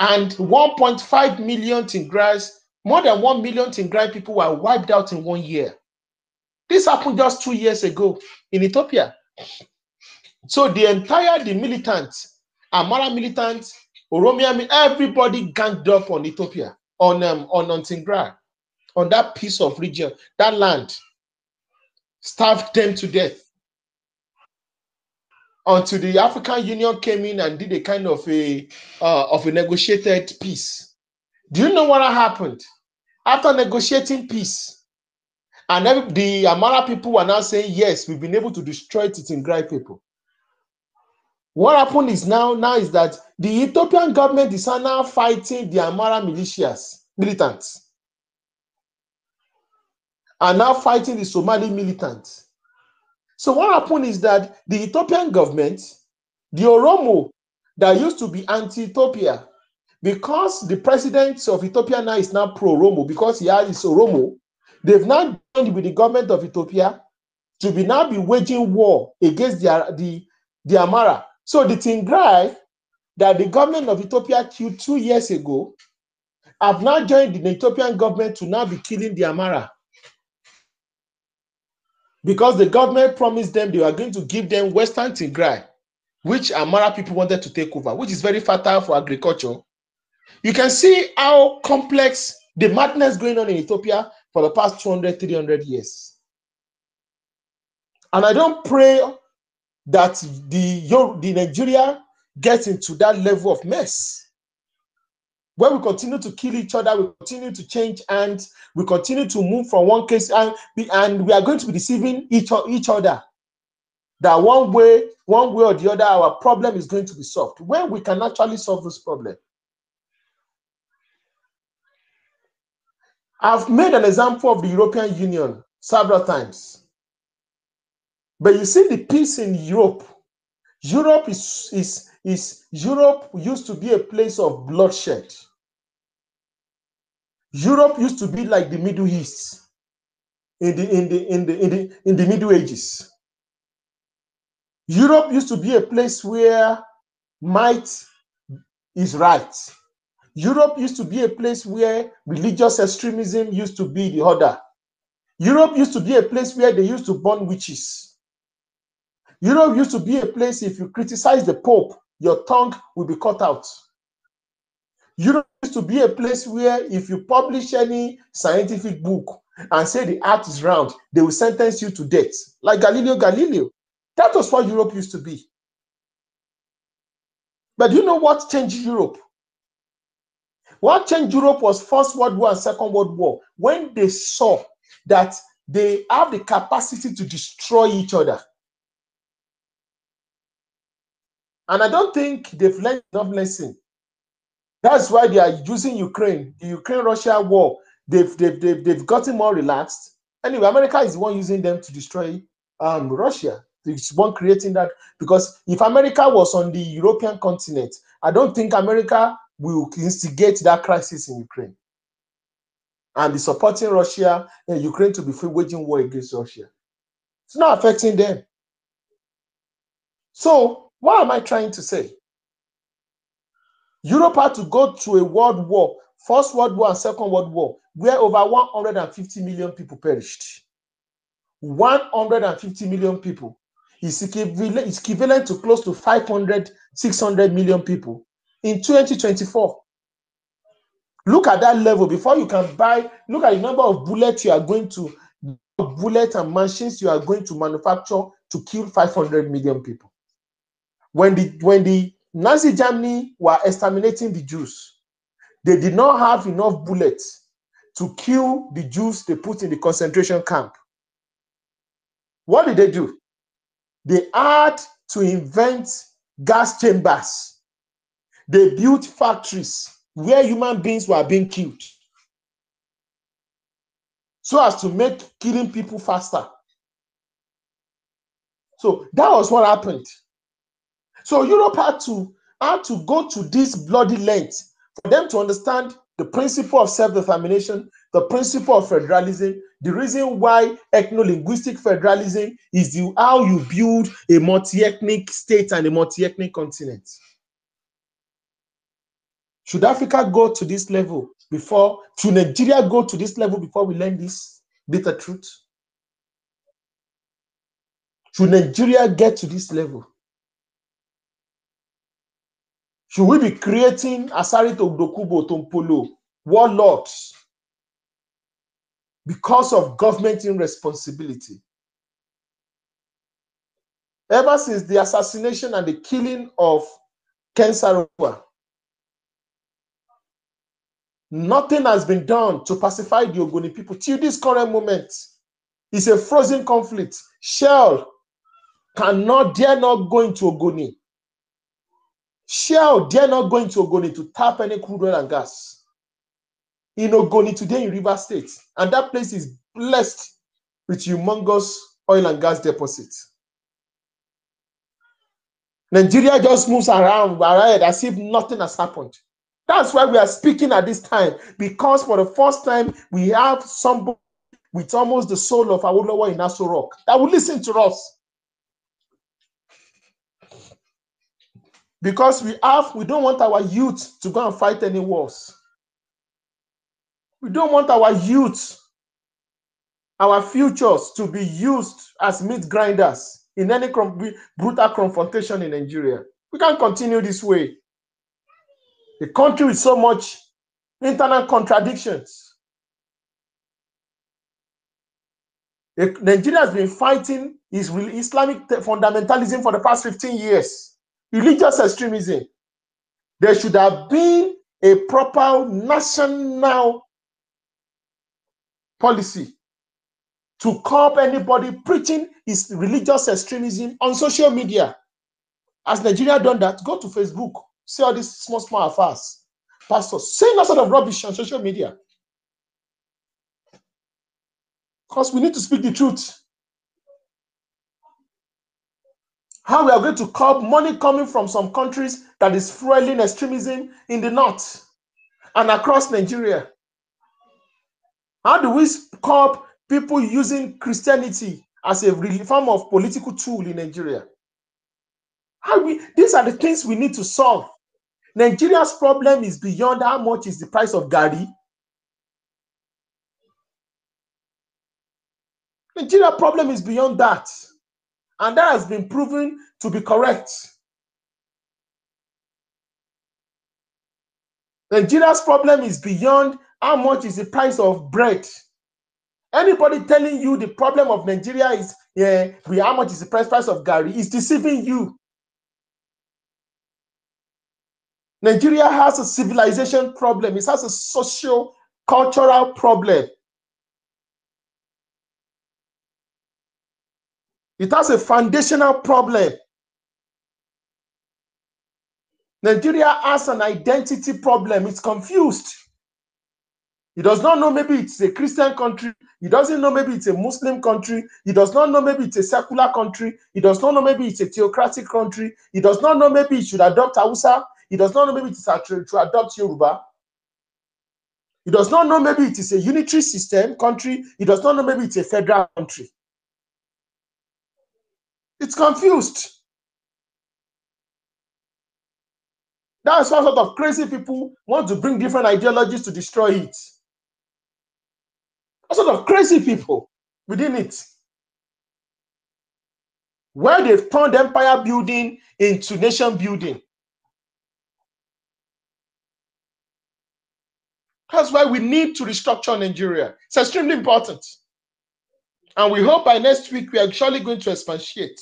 And 1.5 million Tigrays, more than 1 million Tigray people were wiped out in one year. This happened just two years ago in Ethiopia. So the entire, the militants, Amara militants, Oromia, everybody ganged up on Ethiopia. on um, on on Tingra, on that piece of region, that land, starved them to death. Until the African Union came in and did a kind of a uh, of a negotiated peace. Do you know what happened after negotiating peace? And every, the Amara people were now saying, "Yes, we've been able to destroy Tingra people." What happened is now now is that the Ethiopian government is now fighting the Amara militias militants and now fighting the Somali militants. So what happened is that the Ethiopian government, the Oromo that used to be anti-Ethiopia, because the president of Ethiopia now is now pro-Oromo because he has his Oromo, they've now joined with the government of Ethiopia to be now be waging war against the the, the Amara So the Tigray that the government of Ethiopia killed two years ago have now joined the Ethiopian government to now be killing the Amara. Because the government promised them they were going to give them Western Tigray, which Amara people wanted to take over, which is very fertile for agriculture. You can see how complex the madness going on in Ethiopia for the past 200, 300 years. And I don't pray that the, the Nigeria gets into that level of mess. When we continue to kill each other, we continue to change and we continue to move from one case, and, and we are going to be deceiving each, each other. That one way, one way or the other, our problem is going to be solved. When we can actually solve this problem. I've made an example of the European Union several times. But you see the peace in Europe. Europe is, is, is Europe used to be a place of bloodshed. Europe used to be like the Middle East in the in the in the in the, in the Middle Ages. Europe used to be a place where might is right. Europe used to be a place where religious extremism used to be the order. Europe used to be a place where they used to burn witches. Europe used to be a place if you criticize the Pope, your tongue will be cut out. Europe used to be a place where if you publish any scientific book and say the earth is round, they will sentence you to death, like Galileo Galileo. That was what Europe used to be. But you know what changed Europe? What changed Europe was First World War and Second World War when they saw that they have the capacity to destroy each other. And I don't think they've learned enough lesson. That's why they are using Ukraine, the Ukraine-Russia war. They've, they've, they've, they've gotten more relaxed. Anyway, America is the one using them to destroy um, Russia. It's one creating that. Because if America was on the European continent, I don't think America will instigate that crisis in Ukraine and be supporting Russia and eh, Ukraine to be free waging war against Russia. It's not affecting them. So What am I trying to say? Europe had to go through a world war, First World War and Second World War, where over 150 million people perished. 150 million people is equivalent to close to 500, 600 million people in 2024. Look at that level before you can buy. Look at the number of bullets you are going to, bullets and machines you are going to manufacture to kill 500 million people. when the when the Nazi Germany were exterminating the Jews, they did not have enough bullets to kill the Jews they put in the concentration camp. What did they do? They had to invent gas chambers. They built factories where human beings were being killed so as to make killing people faster. So that was what happened. So Europe had to had to go to this bloody length for them to understand the principle of self-determination, the principle of federalism, the reason why ethno-linguistic federalism is the, how you build a multi-ethnic state and a multi-ethnic continent. Should Africa go to this level before, should Nigeria go to this level before we learn this bitter truth? Should Nigeria get to this level? Should we be creating Asari Ogdokubo Tompolo warlords because of government irresponsibility? Ever since the assassination and the killing of Ken Sarua, nothing has been done to pacify the Ogoni people till this current moment. It's a frozen conflict. Shell cannot, dare not go into Ogoni Shell, they're not going to Ogoni to tap any crude oil and gas in Ogoni today in River State. And that place is blessed with humongous oil and gas deposits. Nigeria just moves around, right, as if nothing has happened. That's why we are speaking at this time, because for the first time, we have somebody with almost the soul of Awolowo in Aso Rock that will listen to us. because we have we don't want our youth to go and fight any wars we don't want our youth our futures to be used as meat grinders in any brutal confrontation in nigeria we can't continue this way The country with so much internal contradictions nigeria has been fighting islamic fundamentalism for the past 15 years religious extremism. There should have been a proper national policy to curb anybody preaching his religious extremism on social media. As Nigeria done that, go to Facebook, see all these small, small affairs. Pastors saying all sort of rubbish on social media. Because we need to speak the truth. how we are going to curb money coming from some countries that is fueling extremism in the north and across Nigeria. How do we curb people using Christianity as a form of political tool in Nigeria? How we, these are the things we need to solve. Nigeria's problem is beyond how much is the price of gari. Nigeria's problem is beyond that. And that has been proven to be correct. Nigeria's problem is beyond how much is the price of bread. Anybody telling you the problem of Nigeria is yeah, how much is the price, price of Gary is deceiving you. Nigeria has a civilization problem. It has a social cultural problem. It has a foundational problem. Nigeria has an identity problem. It's confused. He does not know maybe it's a Christian country. He doesn't know maybe it's a Muslim country. He does not know maybe it's a secular country. He does not know maybe it's a theocratic country. He does not know maybe he should adopt Hausa. He does not know maybe it's a, to adopt Yoruba. He does not know maybe it is a unitary system country. He does not know maybe it's a federal country. It's confused. That's why a lot of crazy people want to bring different ideologies to destroy it. A lot of crazy people within it. Where they've turned empire building into nation building. That's why we need to restructure Nigeria. It's extremely important. And we hope by next week we are surely going to expatiate.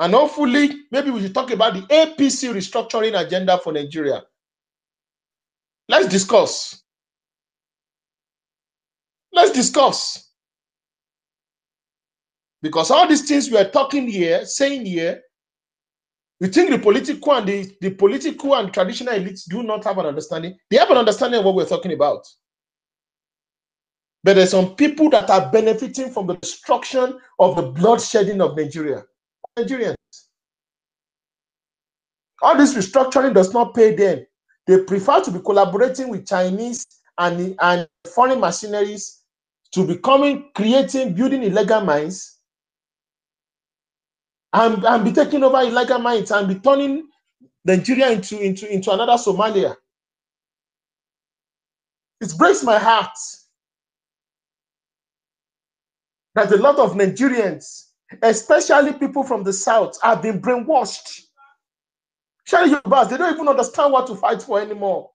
And hopefully, maybe we should talk about the APC restructuring agenda for Nigeria. Let's discuss. Let's discuss. Because all these things we are talking here, saying here, you think the political and the, the political and traditional elites do not have an understanding? They have an understanding of what we're talking about. But there's some people that are benefiting from the destruction of the bloodshedding of Nigeria. Nigerians. All this restructuring does not pay them. They prefer to be collaborating with Chinese and, and foreign machineries to becoming creating, building illegal mines and, and be taking over illegal mines and be turning Nigeria into, into, into another Somalia. It breaks my heart that a lot of Nigerians, especially people from the South, have been brainwashed. Shall you bars, they don't even understand what to fight for anymore.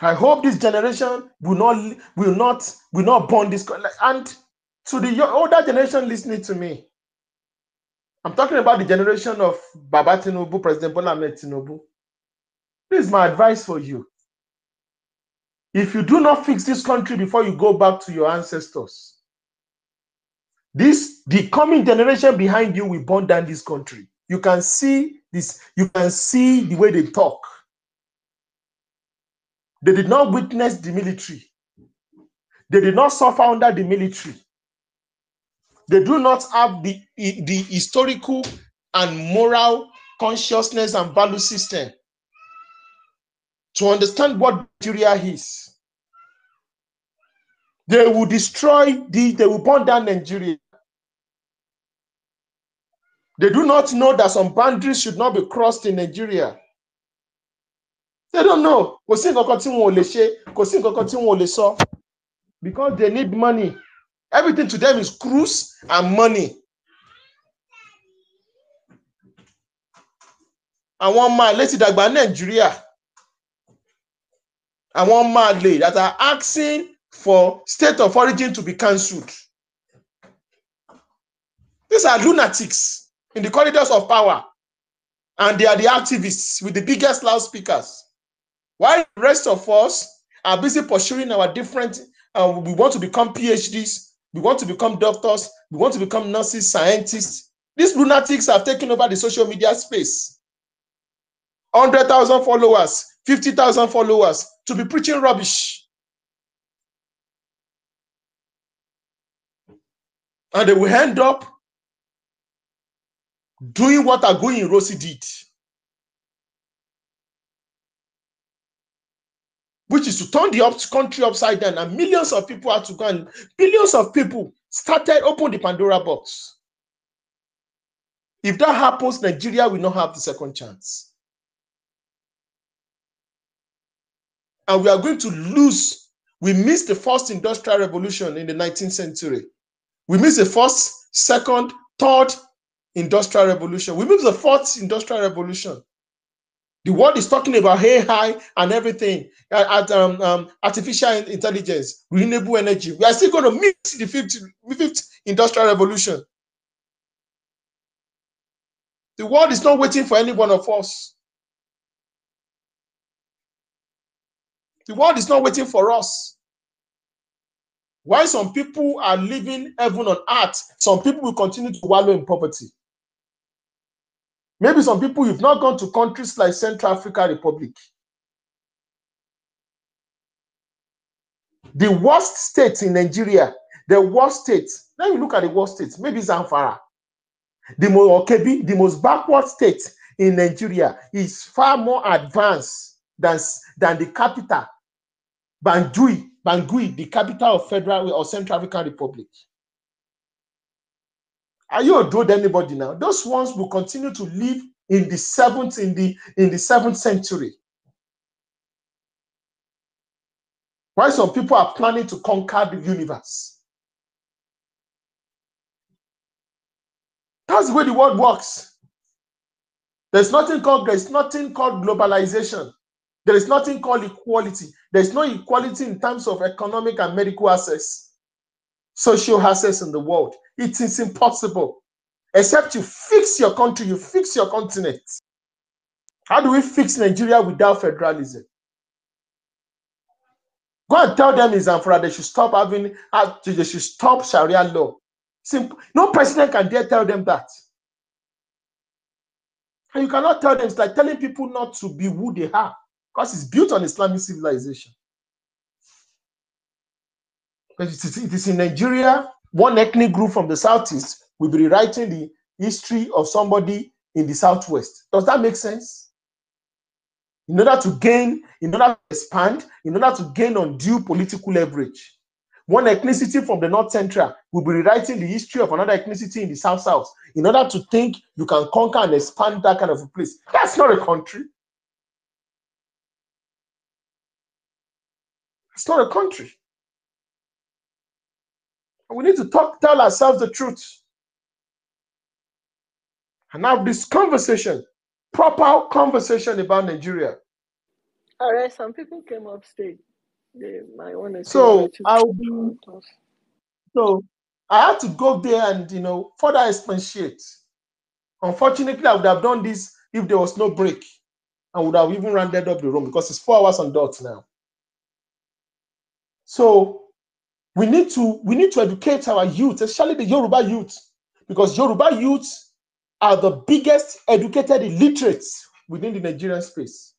I hope this generation will not will not will not burn this. And to the older generation listening to me, I'm talking about the generation of Baba Tinubu, President Bola Ahmed Tinubu. This is my advice for you. If you do not fix this country before you go back to your ancestors, this the coming generation behind you will burn down this country. You can see this, you can see the way they talk. They did not witness the military. They did not suffer under the military. They do not have the, the historical and moral consciousness and value system to understand what bacteria is. They will destroy the, they will burn down Nigeria. They do not know that some boundaries should not be crossed in Nigeria. They don't know. Because they need money. Everything to them is cruise and money. And one Àwọn ọmọ àlè ti dàgbà Nigeria àwọn máa lè that are asking for state of origin to be cancelled. These are lunatics in the corridors of power and they are the activists with the biggest loudspeakers. While the rest of us are busy pursuing our different, uh, we want to become PhDs, we want to become doctors, we want to become nurses, scientists. These lunatics have taken over the social media space. 100,000 followers, 50,000 followers to be preaching rubbish. And they will end up doing what Agoyin Rossi did, which is to turn the country upside down. And millions of people had to go, and billions of people started open the Pandora box. If that happens, Nigeria will not have the second chance. and we are going to lose. We missed the first industrial revolution in the 19th century. We missed the first, second, third industrial revolution. We missed the fourth industrial revolution. The world is talking about AI and everything, uh, at, um, um, artificial intelligence, renewable energy. We are still going to miss the fifth, fifth industrial revolution. The world is not waiting for any one of us. The world is not waiting for us. While some people are living heaven on earth, some people will continue to wallow in poverty. Maybe some people you've not gone to countries like Central Africa Republic. The worst state in Nigeria, the worst state. Now you look at the worst state, maybe Zamfara. The most Okebi, the most backward state in Nigeria is far more advanced than, than the capital, Bangui, Bangui, the capital of Federal or Central African Republic. Are you odod anybody now? Those ones will continue to live in the seventh in the in the seventh century. Why some people are planning to conquer the universe? That's the way the world works. There's nothing called there's nothing called globalization. There is nothing called equality. There's no equality in terms of economic and medical access, social access in the world. It is impossible. Except you fix your country, you fix your continent. How do we fix Nigeria without federalism? Go and tell them in Zamfara they should stop having, uh, they should stop Sharia law. Simple. No president can dare tell them that. And you cannot tell them, it's like telling people not to be who they are because it's built on Islamic civilization. Because it is in Nigeria, one ethnic group from the southeast will be rewriting the history of somebody in the southwest. Does that make sense? In order to gain, in order to expand, in order to gain undue political leverage. One ethnicity from the north central will be rewriting the history of another ethnicity in the south south in order to think you can conquer and expand that kind of a place. That's not a country. It's not a country. We need to talk, tell ourselves the truth. And have this conversation, proper conversation about Nigeria. All right, some people came up stage. They might want to so I'll be, so I had to go there and you know further expatiate. Unfortunately, I would have done this if there was no break. I would have even rounded up the room because it's four hours on dot now. So we need to we need to educate our youth, especially the Yoruba youth, because Yoruba youth are the biggest educated illiterates within the Nigerian space.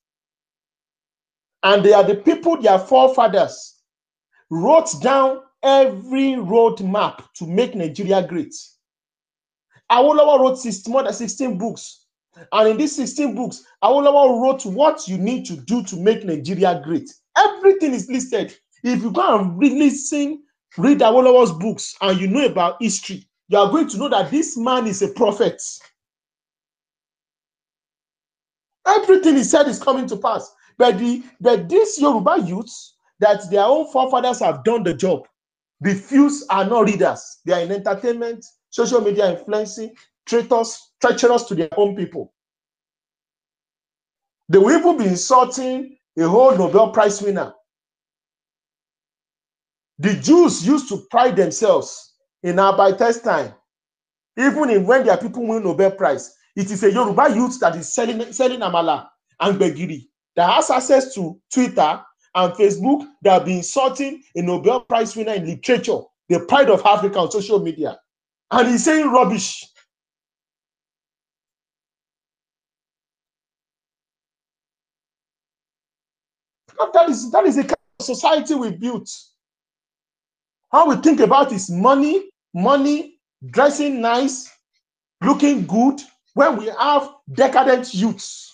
And they are the people, their forefathers wrote down every roadmap to make Nigeria great. Awolowo wrote six, more than 16 books. And in these 16 books, Awolowo wrote what you need to do to make Nigeria great. Everything is listed. If you go and read, listen, read Awolowo's books and you know about history, you are going to know that this man is a prophet. Everything he said is coming to pass. But, the, but these Yoruba youths that their own forefathers have done the job, the few are not readers. They are in entertainment, social media influencing, traitors, treacherous to their own people. They will even be insulting a whole Nobel Prize winner The Jews used to pride themselves in Arbeiter's time, even in when their people win Nobel Prize. It is a Yoruba youth that is selling, selling Amala and Begiri that has access to Twitter and Facebook that have been sorting a Nobel Prize winner in literature, the pride of Africa on social media. And he's saying rubbish. That is, that is the kind of society we built. How we think about is money, money, dressing nice, looking good, when we have decadent youths.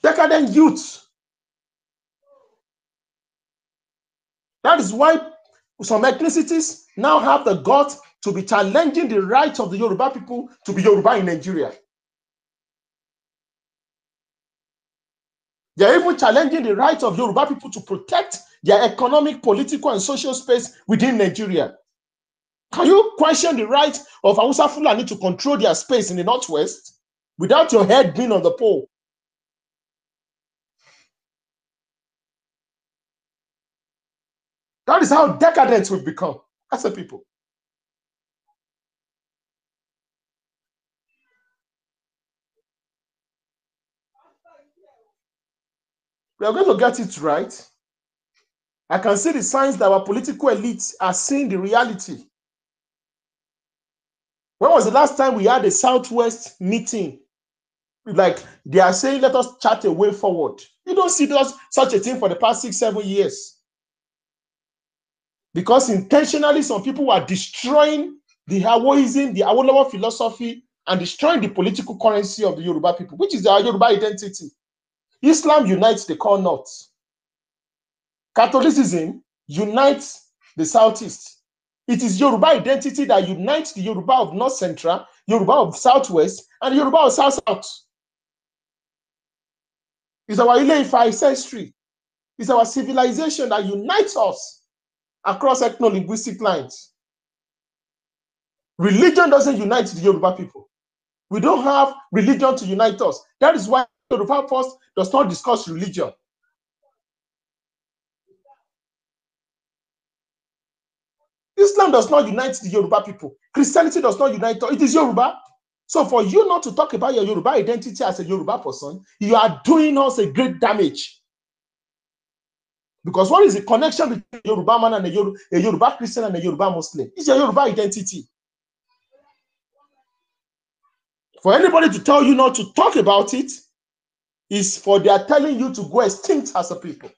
Decadent youths. That is why some ethnicities now have the guts to be challenging the rights of the Yoruba people to be Yoruba in Nigeria. They're even challenging the right of Yoruba people to protect their economic, political, and social space within Nigeria. Can you question the right of Hausa Fulani to control their space in the Northwest without your head being on the pole? That is how decadent we've become as a people. We are going to get it right. I can see the signs that our political elites are seeing the reality. When was the last time we had a Southwest meeting? Like they are saying, let us chart a way forward. You don't see those, such a thing for the past six, seven years. Because intentionally, some people were destroying the Hawoism, the Awolowo philosophy, and destroying the political currency of the Yoruba people, which is our Yoruba identity. Islam unites the core north. Catholicism unites the southeast. It is Yoruba identity that unites the Yoruba of North Central, Yoruba of Southwest, and Yoruba of South South. It's our Ile-Ife ancestry. It's our civilization that unites us across ethno-linguistic lines. Religion doesn't unite the Yoruba people. We don't have religion to unite us. That is why Yoruba First does not discuss religion. Islam does not unite the Yoruba people. Christianity does not unite. It is Yoruba. So for you not to talk about your Yoruba identity as a Yoruba person, you are doing us a great damage. Because what is the connection between a Yoruba man and a Yoruba, a Yoruba Christian and a Yoruba Muslim? It's your Yoruba identity. For anybody to tell you not to talk about it, is for they are telling you to go extinct as a people.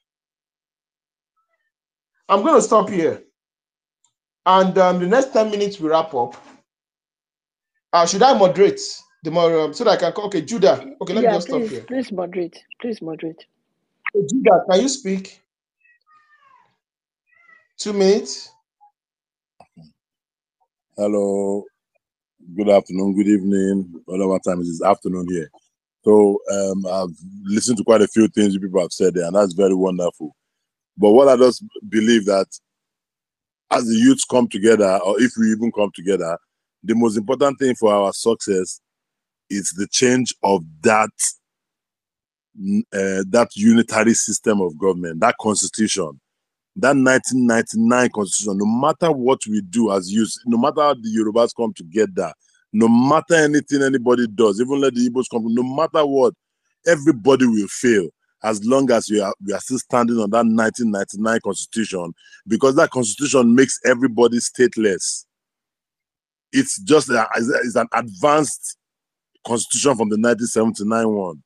I'm going to stop here. And um, the next 10 minutes we wrap up. Uh, should I moderate the more um, so that I can okay, Judah. Okay, let yeah, me just please, stop here. Please moderate. Please moderate. Hey, Judah, can you speak? Two minutes. Hello. Good afternoon, good evening. Whatever time it is afternoon here. So um, I've listened to quite a few things people have said there, and that's very wonderful. But what I just believe that as the youths come together, or if we even come together, the most important thing for our success is the change of that uh, that unitary system of government, that constitution, that 1999 constitution. No matter what we do as youths, no matter how the Yorubas come together, no matter anything anybody does, even let the Igbos come, no matter what, everybody will fail as long as you are, we are still standing on that 1999 constitution because that constitution makes everybody stateless. It's just a, uh, it's an advanced constitution from the 1979 one.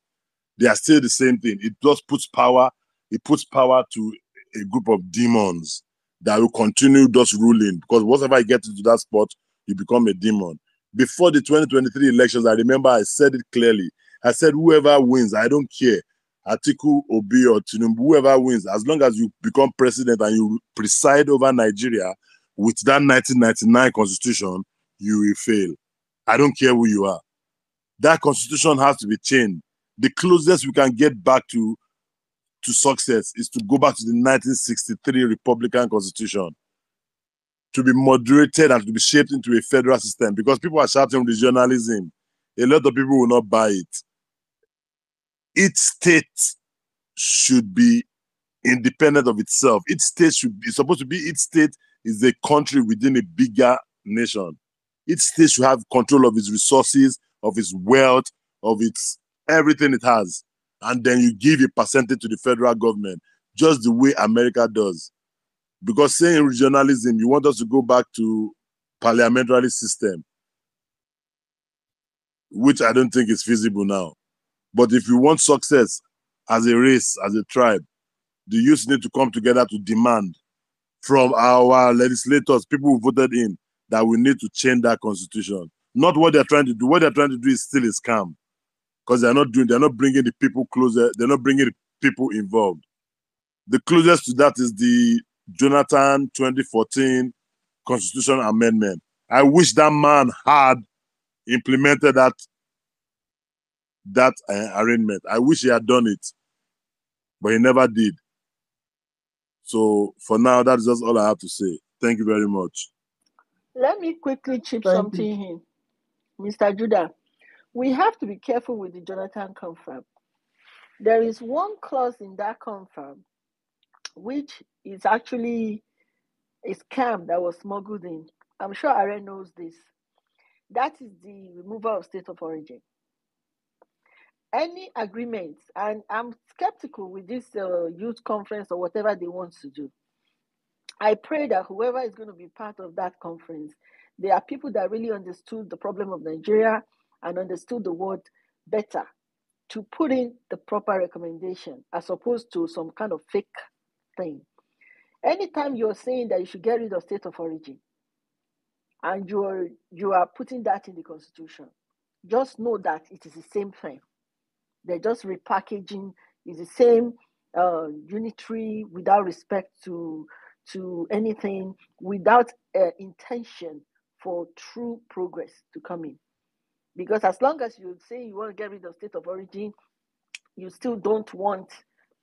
They are still the same thing. It just puts power, it puts power to a group of demons that will continue just ruling because whatever I get into that spot, you become a demon before the 2023 elections, I remember I said it clearly. I said, whoever wins, I don't care. Atiku, Obi, or Tinubu, whoever wins, as long as you become president and you preside over Nigeria with that 1999 constitution, you will fail. I don't care who you are. That constitution has to be changed. The closest we can get back to to success is to go back to the 1963 Republican Constitution to be moderated and to be shaped into a federal system because people are shouting regionalism. A lot of people will not buy it. Each state should be independent of itself. Each state should be supposed to be each state is a country within a bigger nation. Each state should have control of its resources, of its wealth, of its everything it has. And then you give a percentage to the federal government, just the way America does because saying regionalism, you want us to go back to parliamentary system, which I don't think is feasible now. But if you want success as a race, as a tribe, the youth need to come together to demand from our legislators, people who voted in, that we need to change that constitution. Not what they're trying to do. What they're trying to do is still a scam because they're not doing, they're not bringing the people closer, they're not bringing the people involved. The closest to that is the Jonathan 2014 Constitution Amendment. I wish that man had implemented that that uh, eh, arrangement. I wish he had done it, but he never did. So for now, that's just all I have to say. Thank you very much. Let me quickly chip Thank something you. in, Mr. Judah. We have to be careful with the Jonathan confirm. There is one clause in that confirm which is actually a scam that was smuggled in. I'm sure Are knows this. That is the removal of state of origin. Any agreements, and I'm skeptical with this uh, youth conference or whatever they want to do. I pray that whoever is going to be part of that conference, there are people that really understood the problem of Nigeria and understood the world better to put in the proper recommendation as opposed to some kind of fake thing. Anytime you're saying that you should get rid of state of origin, and you are you are putting that in the constitution, just know that it is the same thing. They're just repackaging. It's the same uh, unitary without respect to to anything, without uh, intention for true progress to come in. Because as long as you say you want to get rid of state of origin, you still don't want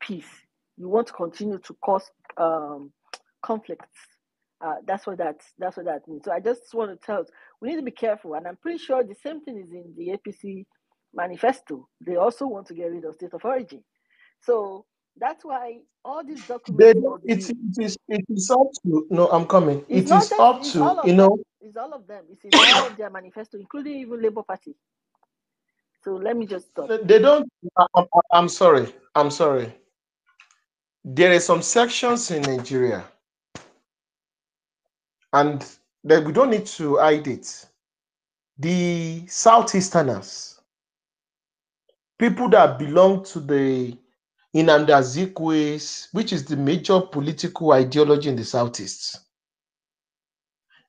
peace you want to continue to cause um, conflicts. Uh, that's what that that's what that means. So I just want to tell us we need to be careful, and I'm pretty sure the same thing is in the APC manifesto. They also want to get rid of state of origin. So that's why all these documents. They, it, it is it is up to no. I'm coming. It's up to you know. It's all of them. It's in all of their manifesto, including even Labour Party. So let me just stop. They don't. I'm, I'm sorry. I'm sorry there are some sections in Nigeria, and that we don't need to hide it. The Southeasterners, people that belong to the Inanda Zikwe's, which is the major political ideology in the Southeast,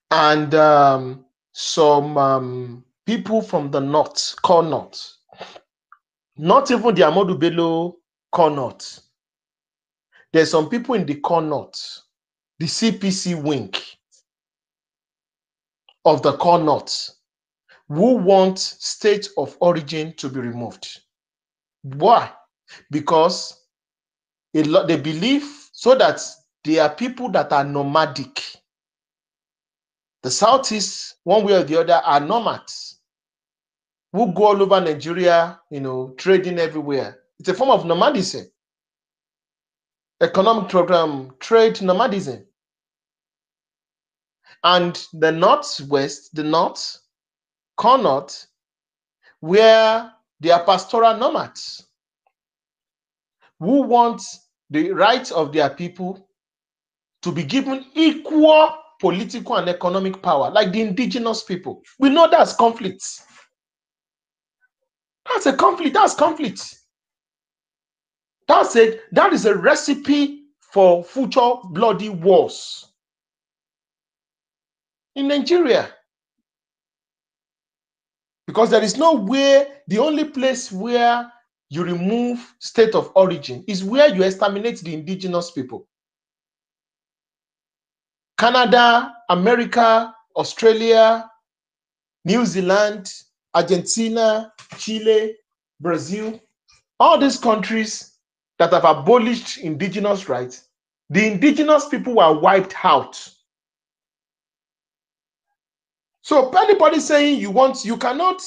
and um, some um, people from the North, Connaught, not even the Amadu Bello Connaught there's some people in the cornuts, the CPC wink of the cornuts, who want state of origin to be removed. Why? Because a lot they believe so that they are people that are nomadic. The Southeast, one way or the other, are nomads who go all over Nigeria, you know, trading everywhere. It's a form of nomadism economic program trade nomadism. And the northwest, the north, connaught, where they are pastoral nomads who want the rights of their people to be given equal political and economic power, like the indigenous people. We know that's conflict. That's a conflict. That's conflict. That's it. That is a recipe for future bloody wars in Nigeria. Because there is no way, the only place where you remove state of origin is where you exterminate the indigenous people. Canada, America, Australia, New Zealand, Argentina, Chile, Brazil, all these countries that have abolished indigenous rights, the indigenous people were wiped out. So anybody saying you want, you cannot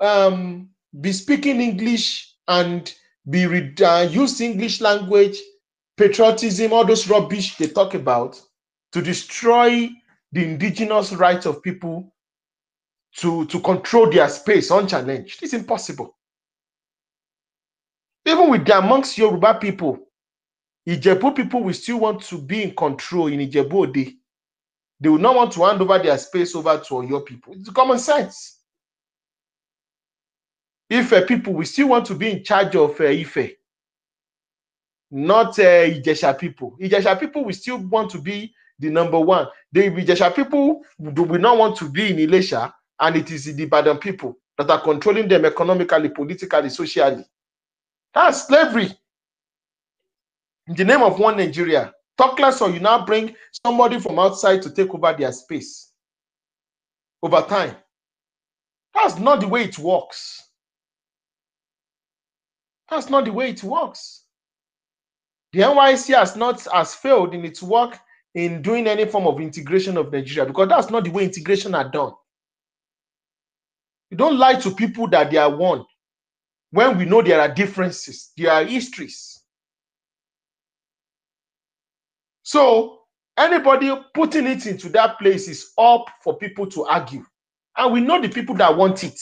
um, be speaking English and be uh, use English language, patriotism, all those rubbish they talk about to destroy the indigenous rights of people to, to control their space unchallenged. It's impossible. Even with the amongst Yoruba people, Ijebu people will still want to be in control in Ijebu Ode. They will not want to hand over their space over to Oyo people. It's common sense. Ife people will still want to be in charge of uh, Ife, not uh, Ijesha people. Ijesha people will still want to be the number one. The Ijesha people will not want to be in Ilesha, and it is the Ibadan people that are controlling them economically, politically, socially. That's slavery. In the name of one Nigeria, talk less or you now bring somebody from outside to take over their space over time. That's not the way it works. That's not the way it works. The NYC has not has failed in its work in doing any form of integration of Nigeria because that's not the way integration are done. You don't lie to people that they are one. when we know there are differences, there are histories. So anybody putting it into that place is up for people to argue. And we know the people that want it.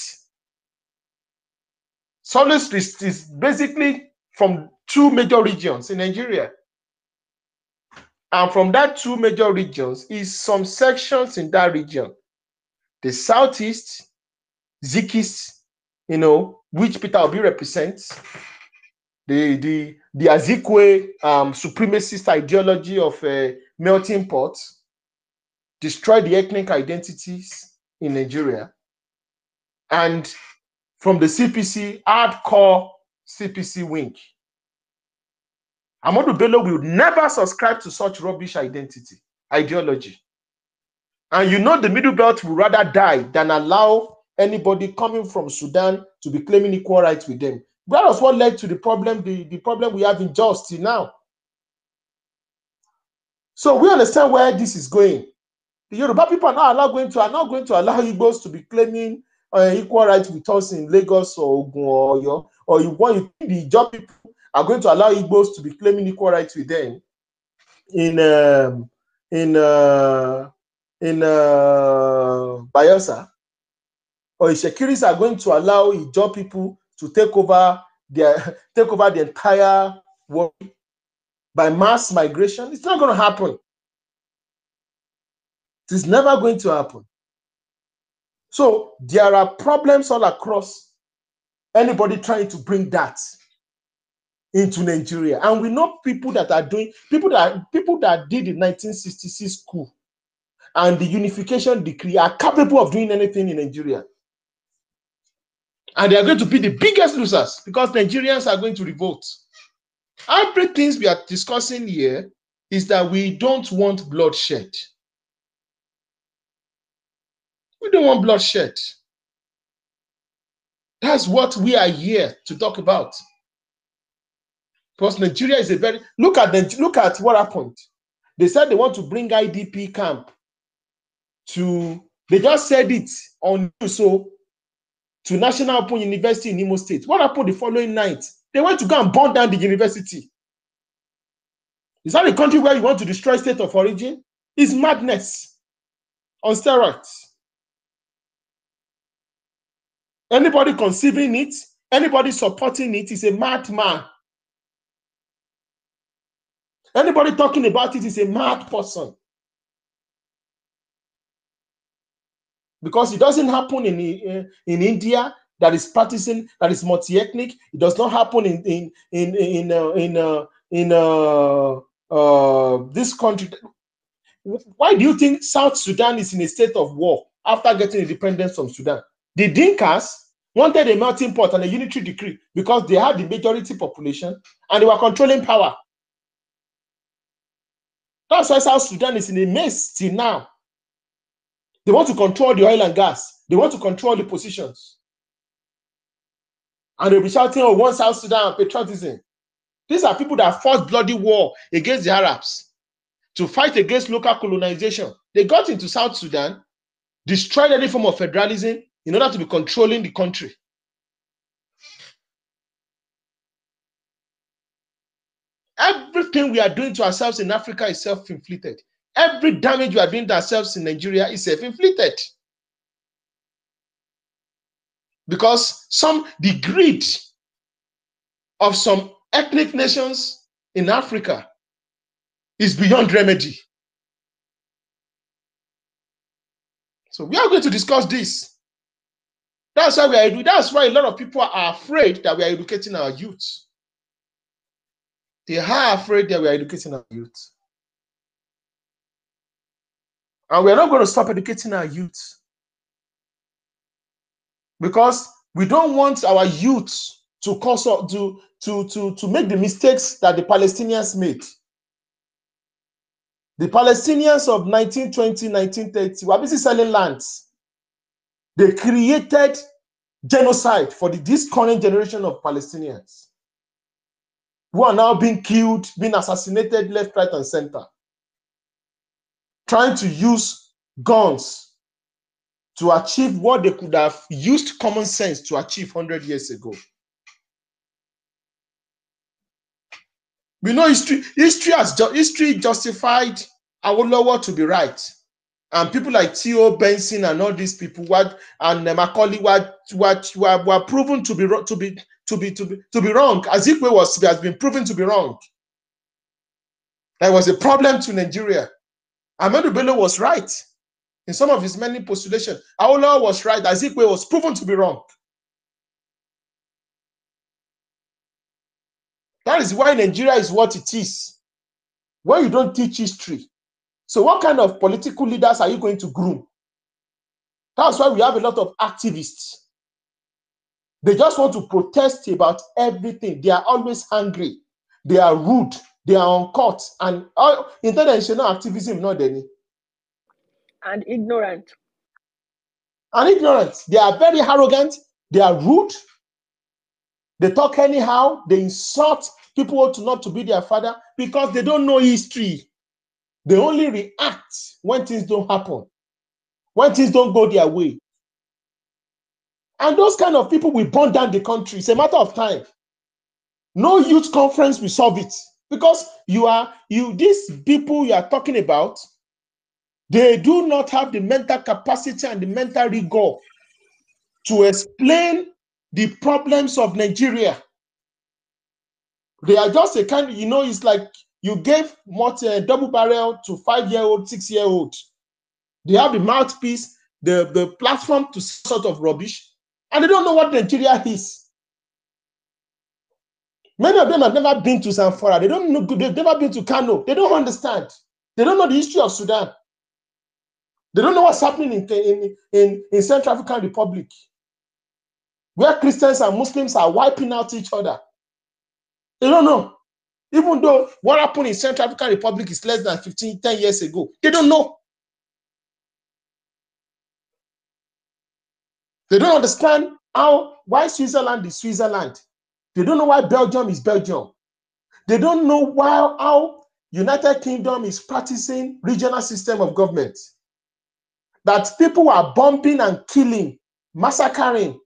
Southern is basically from two major regions in Nigeria. And from that two major regions is some sections in that region. The southeast, Zikis, you know, which Peter Obi represents, the the the Azikwe um, supremacist ideology of uh, melting pot, destroy the ethnic identities in Nigeria, and from the CPC hardcore CPC wing. Amadu Bello will never subscribe to such rubbish identity ideology. And you know the middle belt will rather die than allow anybody coming from Sudan to be claiming equal rights with them. That was what led to the problem, the, the problem we have in just till now. So we understand where this is going. The Yoruba people are not allowed going to are not going to allow Igbos to be claiming uh, equal rights with us in Lagos or Ogun or Oyo. Or you want you think the job people are going to allow Igbos to be claiming equal rights with them in um, in uh, in uh, Bayelsa or Shekiri's are going to allow job people to take over their take over the entire world by mass migration, it's not going to happen. It is never going to happen. So there are problems all across. Anybody trying to bring that into Nigeria, and we know people that are doing people that people that did the 1966 coup and the unification decree are capable of doing anything in Nigeria. And they are going to be the biggest losers because Nigerians are going to revolt. Every things we are discussing here is that we don't want bloodshed. We don't want bloodshed. That's what we are here to talk about. Because Nigeria is a very look at the look at what happened. They said they want to bring IDP camp to they just said it on so to National Open University in Imo State. What happened the following night? They went to go and burn down the university. Is that a country where you want to destroy state of origin? It's madness on steroids. Anybody conceiving it, anybody supporting it is a madman. Anybody talking about it is a mad person. because it doesn't happen in in India that is practicing that is multi-ethnic. It does not happen in in in in uh, in uh, in uh, uh, this country. Why do you think South Sudan is in a state of war after getting independence from Sudan? The Dinkas wanted a melting pot and a unitary decree because they had the majority population and they were controlling power. That's why South Sudan is in a mess till now. They want to control the oil and gas. They want to control the positions. And they'll be shouting, oh, one South Sudan patriotism. These are people that fought bloody war against the Arabs to fight against local colonization. They got into South Sudan, destroyed any form of federalism in order to be controlling the country. Everything we are doing to ourselves in Africa is self inflicted. Every damage we are doing to ourselves in Nigeria is self-inflicted. Because some the greed of some ethnic nations in Africa is beyond remedy. So we are going to discuss this. That's why we are that's why a lot of people are afraid that we are educating our youth. They are afraid that we are educating our youth. And we are not going to stop educating our youth because we don't want our youth to cause to, to, to, to make the mistakes that the Palestinians made. The Palestinians of 1920, 1930 were busy selling lands. They created genocide for the, this current generation of Palestinians who are now being killed, being assassinated left, right, and center. trying to use guns to achieve what they could have used common sense to achieve 100 years ago. We know history, history has history justified our lower to be right. And people like T.O. Benson and all these people what and Macaulay what what were, were proven to be, to, be, to, be, to, be, to be wrong. Azikwe was, has been proven to be wrong. There was a problem to Nigeria. Amadu Bello was right in some of his many postulations. Aula was right. Azikwe was proven to be wrong. That is why Nigeria is what it is. When you don't teach history. So what kind of political leaders are you going to groom? That's why we have a lot of activists. They just want to protest about everything. They are always angry. They are rude. they are on and all oh, international activism not any. and ignorant. and ignorant they are very arrogant they are rude they talk anyhow they insult people who to not to be their father because they don't know history they only react when things don't happen when things don't go their way and those kind of people will burn down the country it's a matter of time no youth conference will solve it Because you are, you, these people you are talking about, they do not have the mental capacity and the mental rigor to explain the problems of Nigeria. They are just a kind, you know, it's like you gave multi a uh, double barrel to five-year-old, six-year-old. They have the mouthpiece, the, the platform to sort of rubbish, and they don't know what Nigeria is. Many of them have never been to Zamfara. They don't know, they've never been to Kano. They don't understand. They don't know the history of Sudan. They don't know what's happening in, in, in, in Central African Republic, where Christians and Muslims are wiping out each other. They don't know. Even though what happened in Central African Republic is less than 15, 10 years ago, they don't know. They don't understand how why Switzerland is Switzerland. They don't know why Belgium is Belgium. They don't know why how United Kingdom is practicing regional system of government. That people are bombing and killing, massacring,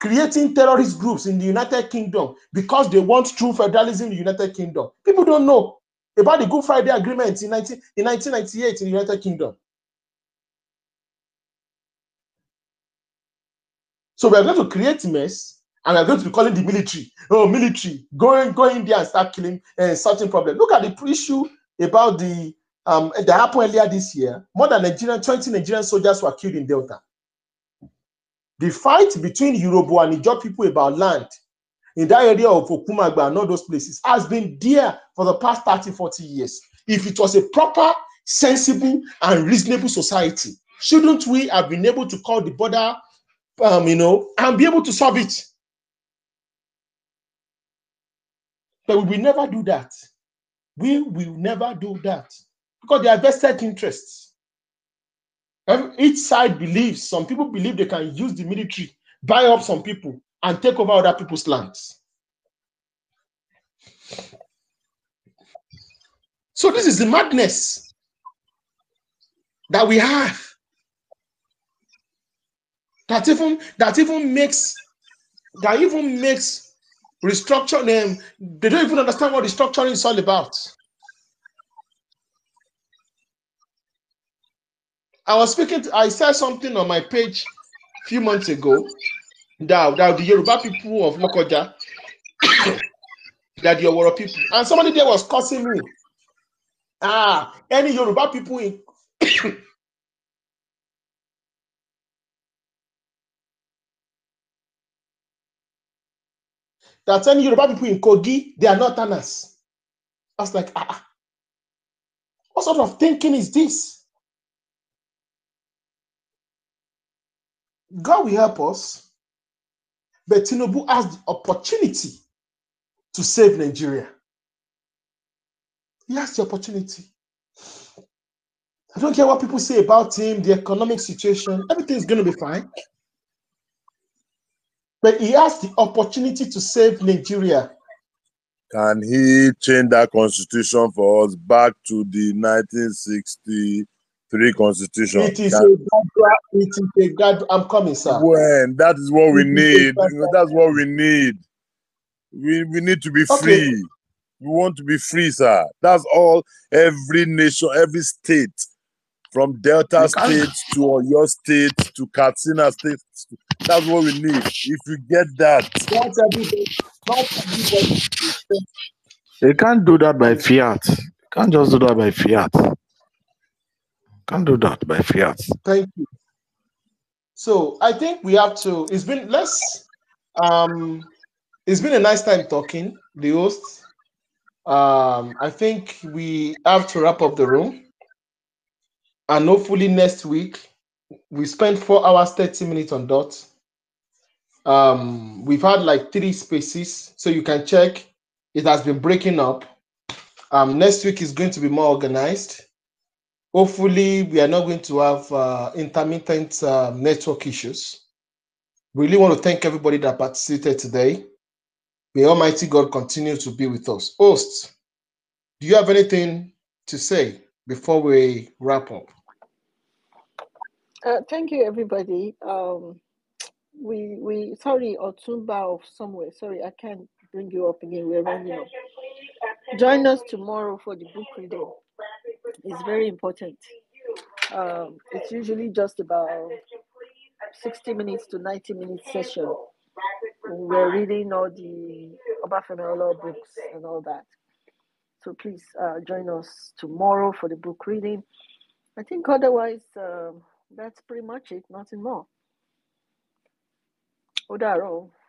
creating terrorist groups in the United Kingdom because they want true federalism in the United Kingdom. People don't know about the Good Friday Agreement in, 19, in 1998 in the United Kingdom. So we are going to create mess and are going to be calling the military. Oh, military, going going there and start killing uh, eh, certain problem. Look at the issue about the um eh, that happened earlier this year. More than Nigerian 20 Nigerian soldiers were killed in Delta. The fight between Yoruba and Ijaw people about land in that area of Okumagba and all those places has been there for the past 30, 40 years. If it was a proper, sensible, and reasonable society, shouldn't we have been able to call the border, um, you know, and be able to solve it? But we will never do that. We will never do that because they are vested interests. Each side believes, some people believe they can use the military, buy up some people, and take over other people's lands. So, this is the madness that we have that even that even makes that even makes restructuring them. They don't even understand what restructuring is all about. I was speaking, to, I said something on my page a few months ago that, that the Yoruba people of Lokoja, that the Yoruba people, and somebody there was cursing me. Ah, any Yoruba people in That are telling Yoruba people in Kogi they are not Northerners. I was like, ah, ah, what sort of thinking is this? God will help us. But Tinubu has the opportunity to save Nigeria. He has the opportunity. I don't care what people say about him, the economic situation, everything's going to be fine but he has the opportunity to save Nigeria. Can he change that constitution for us back to the 1963 constitution? It is, Can a gradual, it is a gradual. I'm coming, sir. When that is what it we need. That's what we need. We we need to be okay. free. We want to be free, sir. That's all. Every nation, every state, from Delta State to Oyo State to Katsina State that's what we need. If you get that, They can't do that by fiat. You can't just do that by fiat. You can't do that by fiat. Thank you. So I think we have to. It's been less. Um, it's been a nice time talking, the host. Um, I think we have to wrap up the room, and hopefully next week we spent four hours, 30 minutes on dots. Um, we've had like three spaces, so you can check. It has been breaking up. Um, next week is going to be more organized. Hopefully, we are not going to have uh, intermittent uh, network issues. We Really want to thank everybody that participated today. May Almighty God continue to be with us. Host, do you have anything to say before we wrap up? Uh, thank you, everybody. Um, we we sorry, Otumba of somewhere. Sorry, I can't bring you up again. We're running up. Join us tomorrow for the book reading. It's very important. Um, it's usually just about 60 minutes to 90 minutes session. We're reading all the Obafemiola books and all that. So please uh, join us tomorrow for the book reading. I think otherwise. Um, that's pretty much it, nothing more. Ó dàárọ̀ o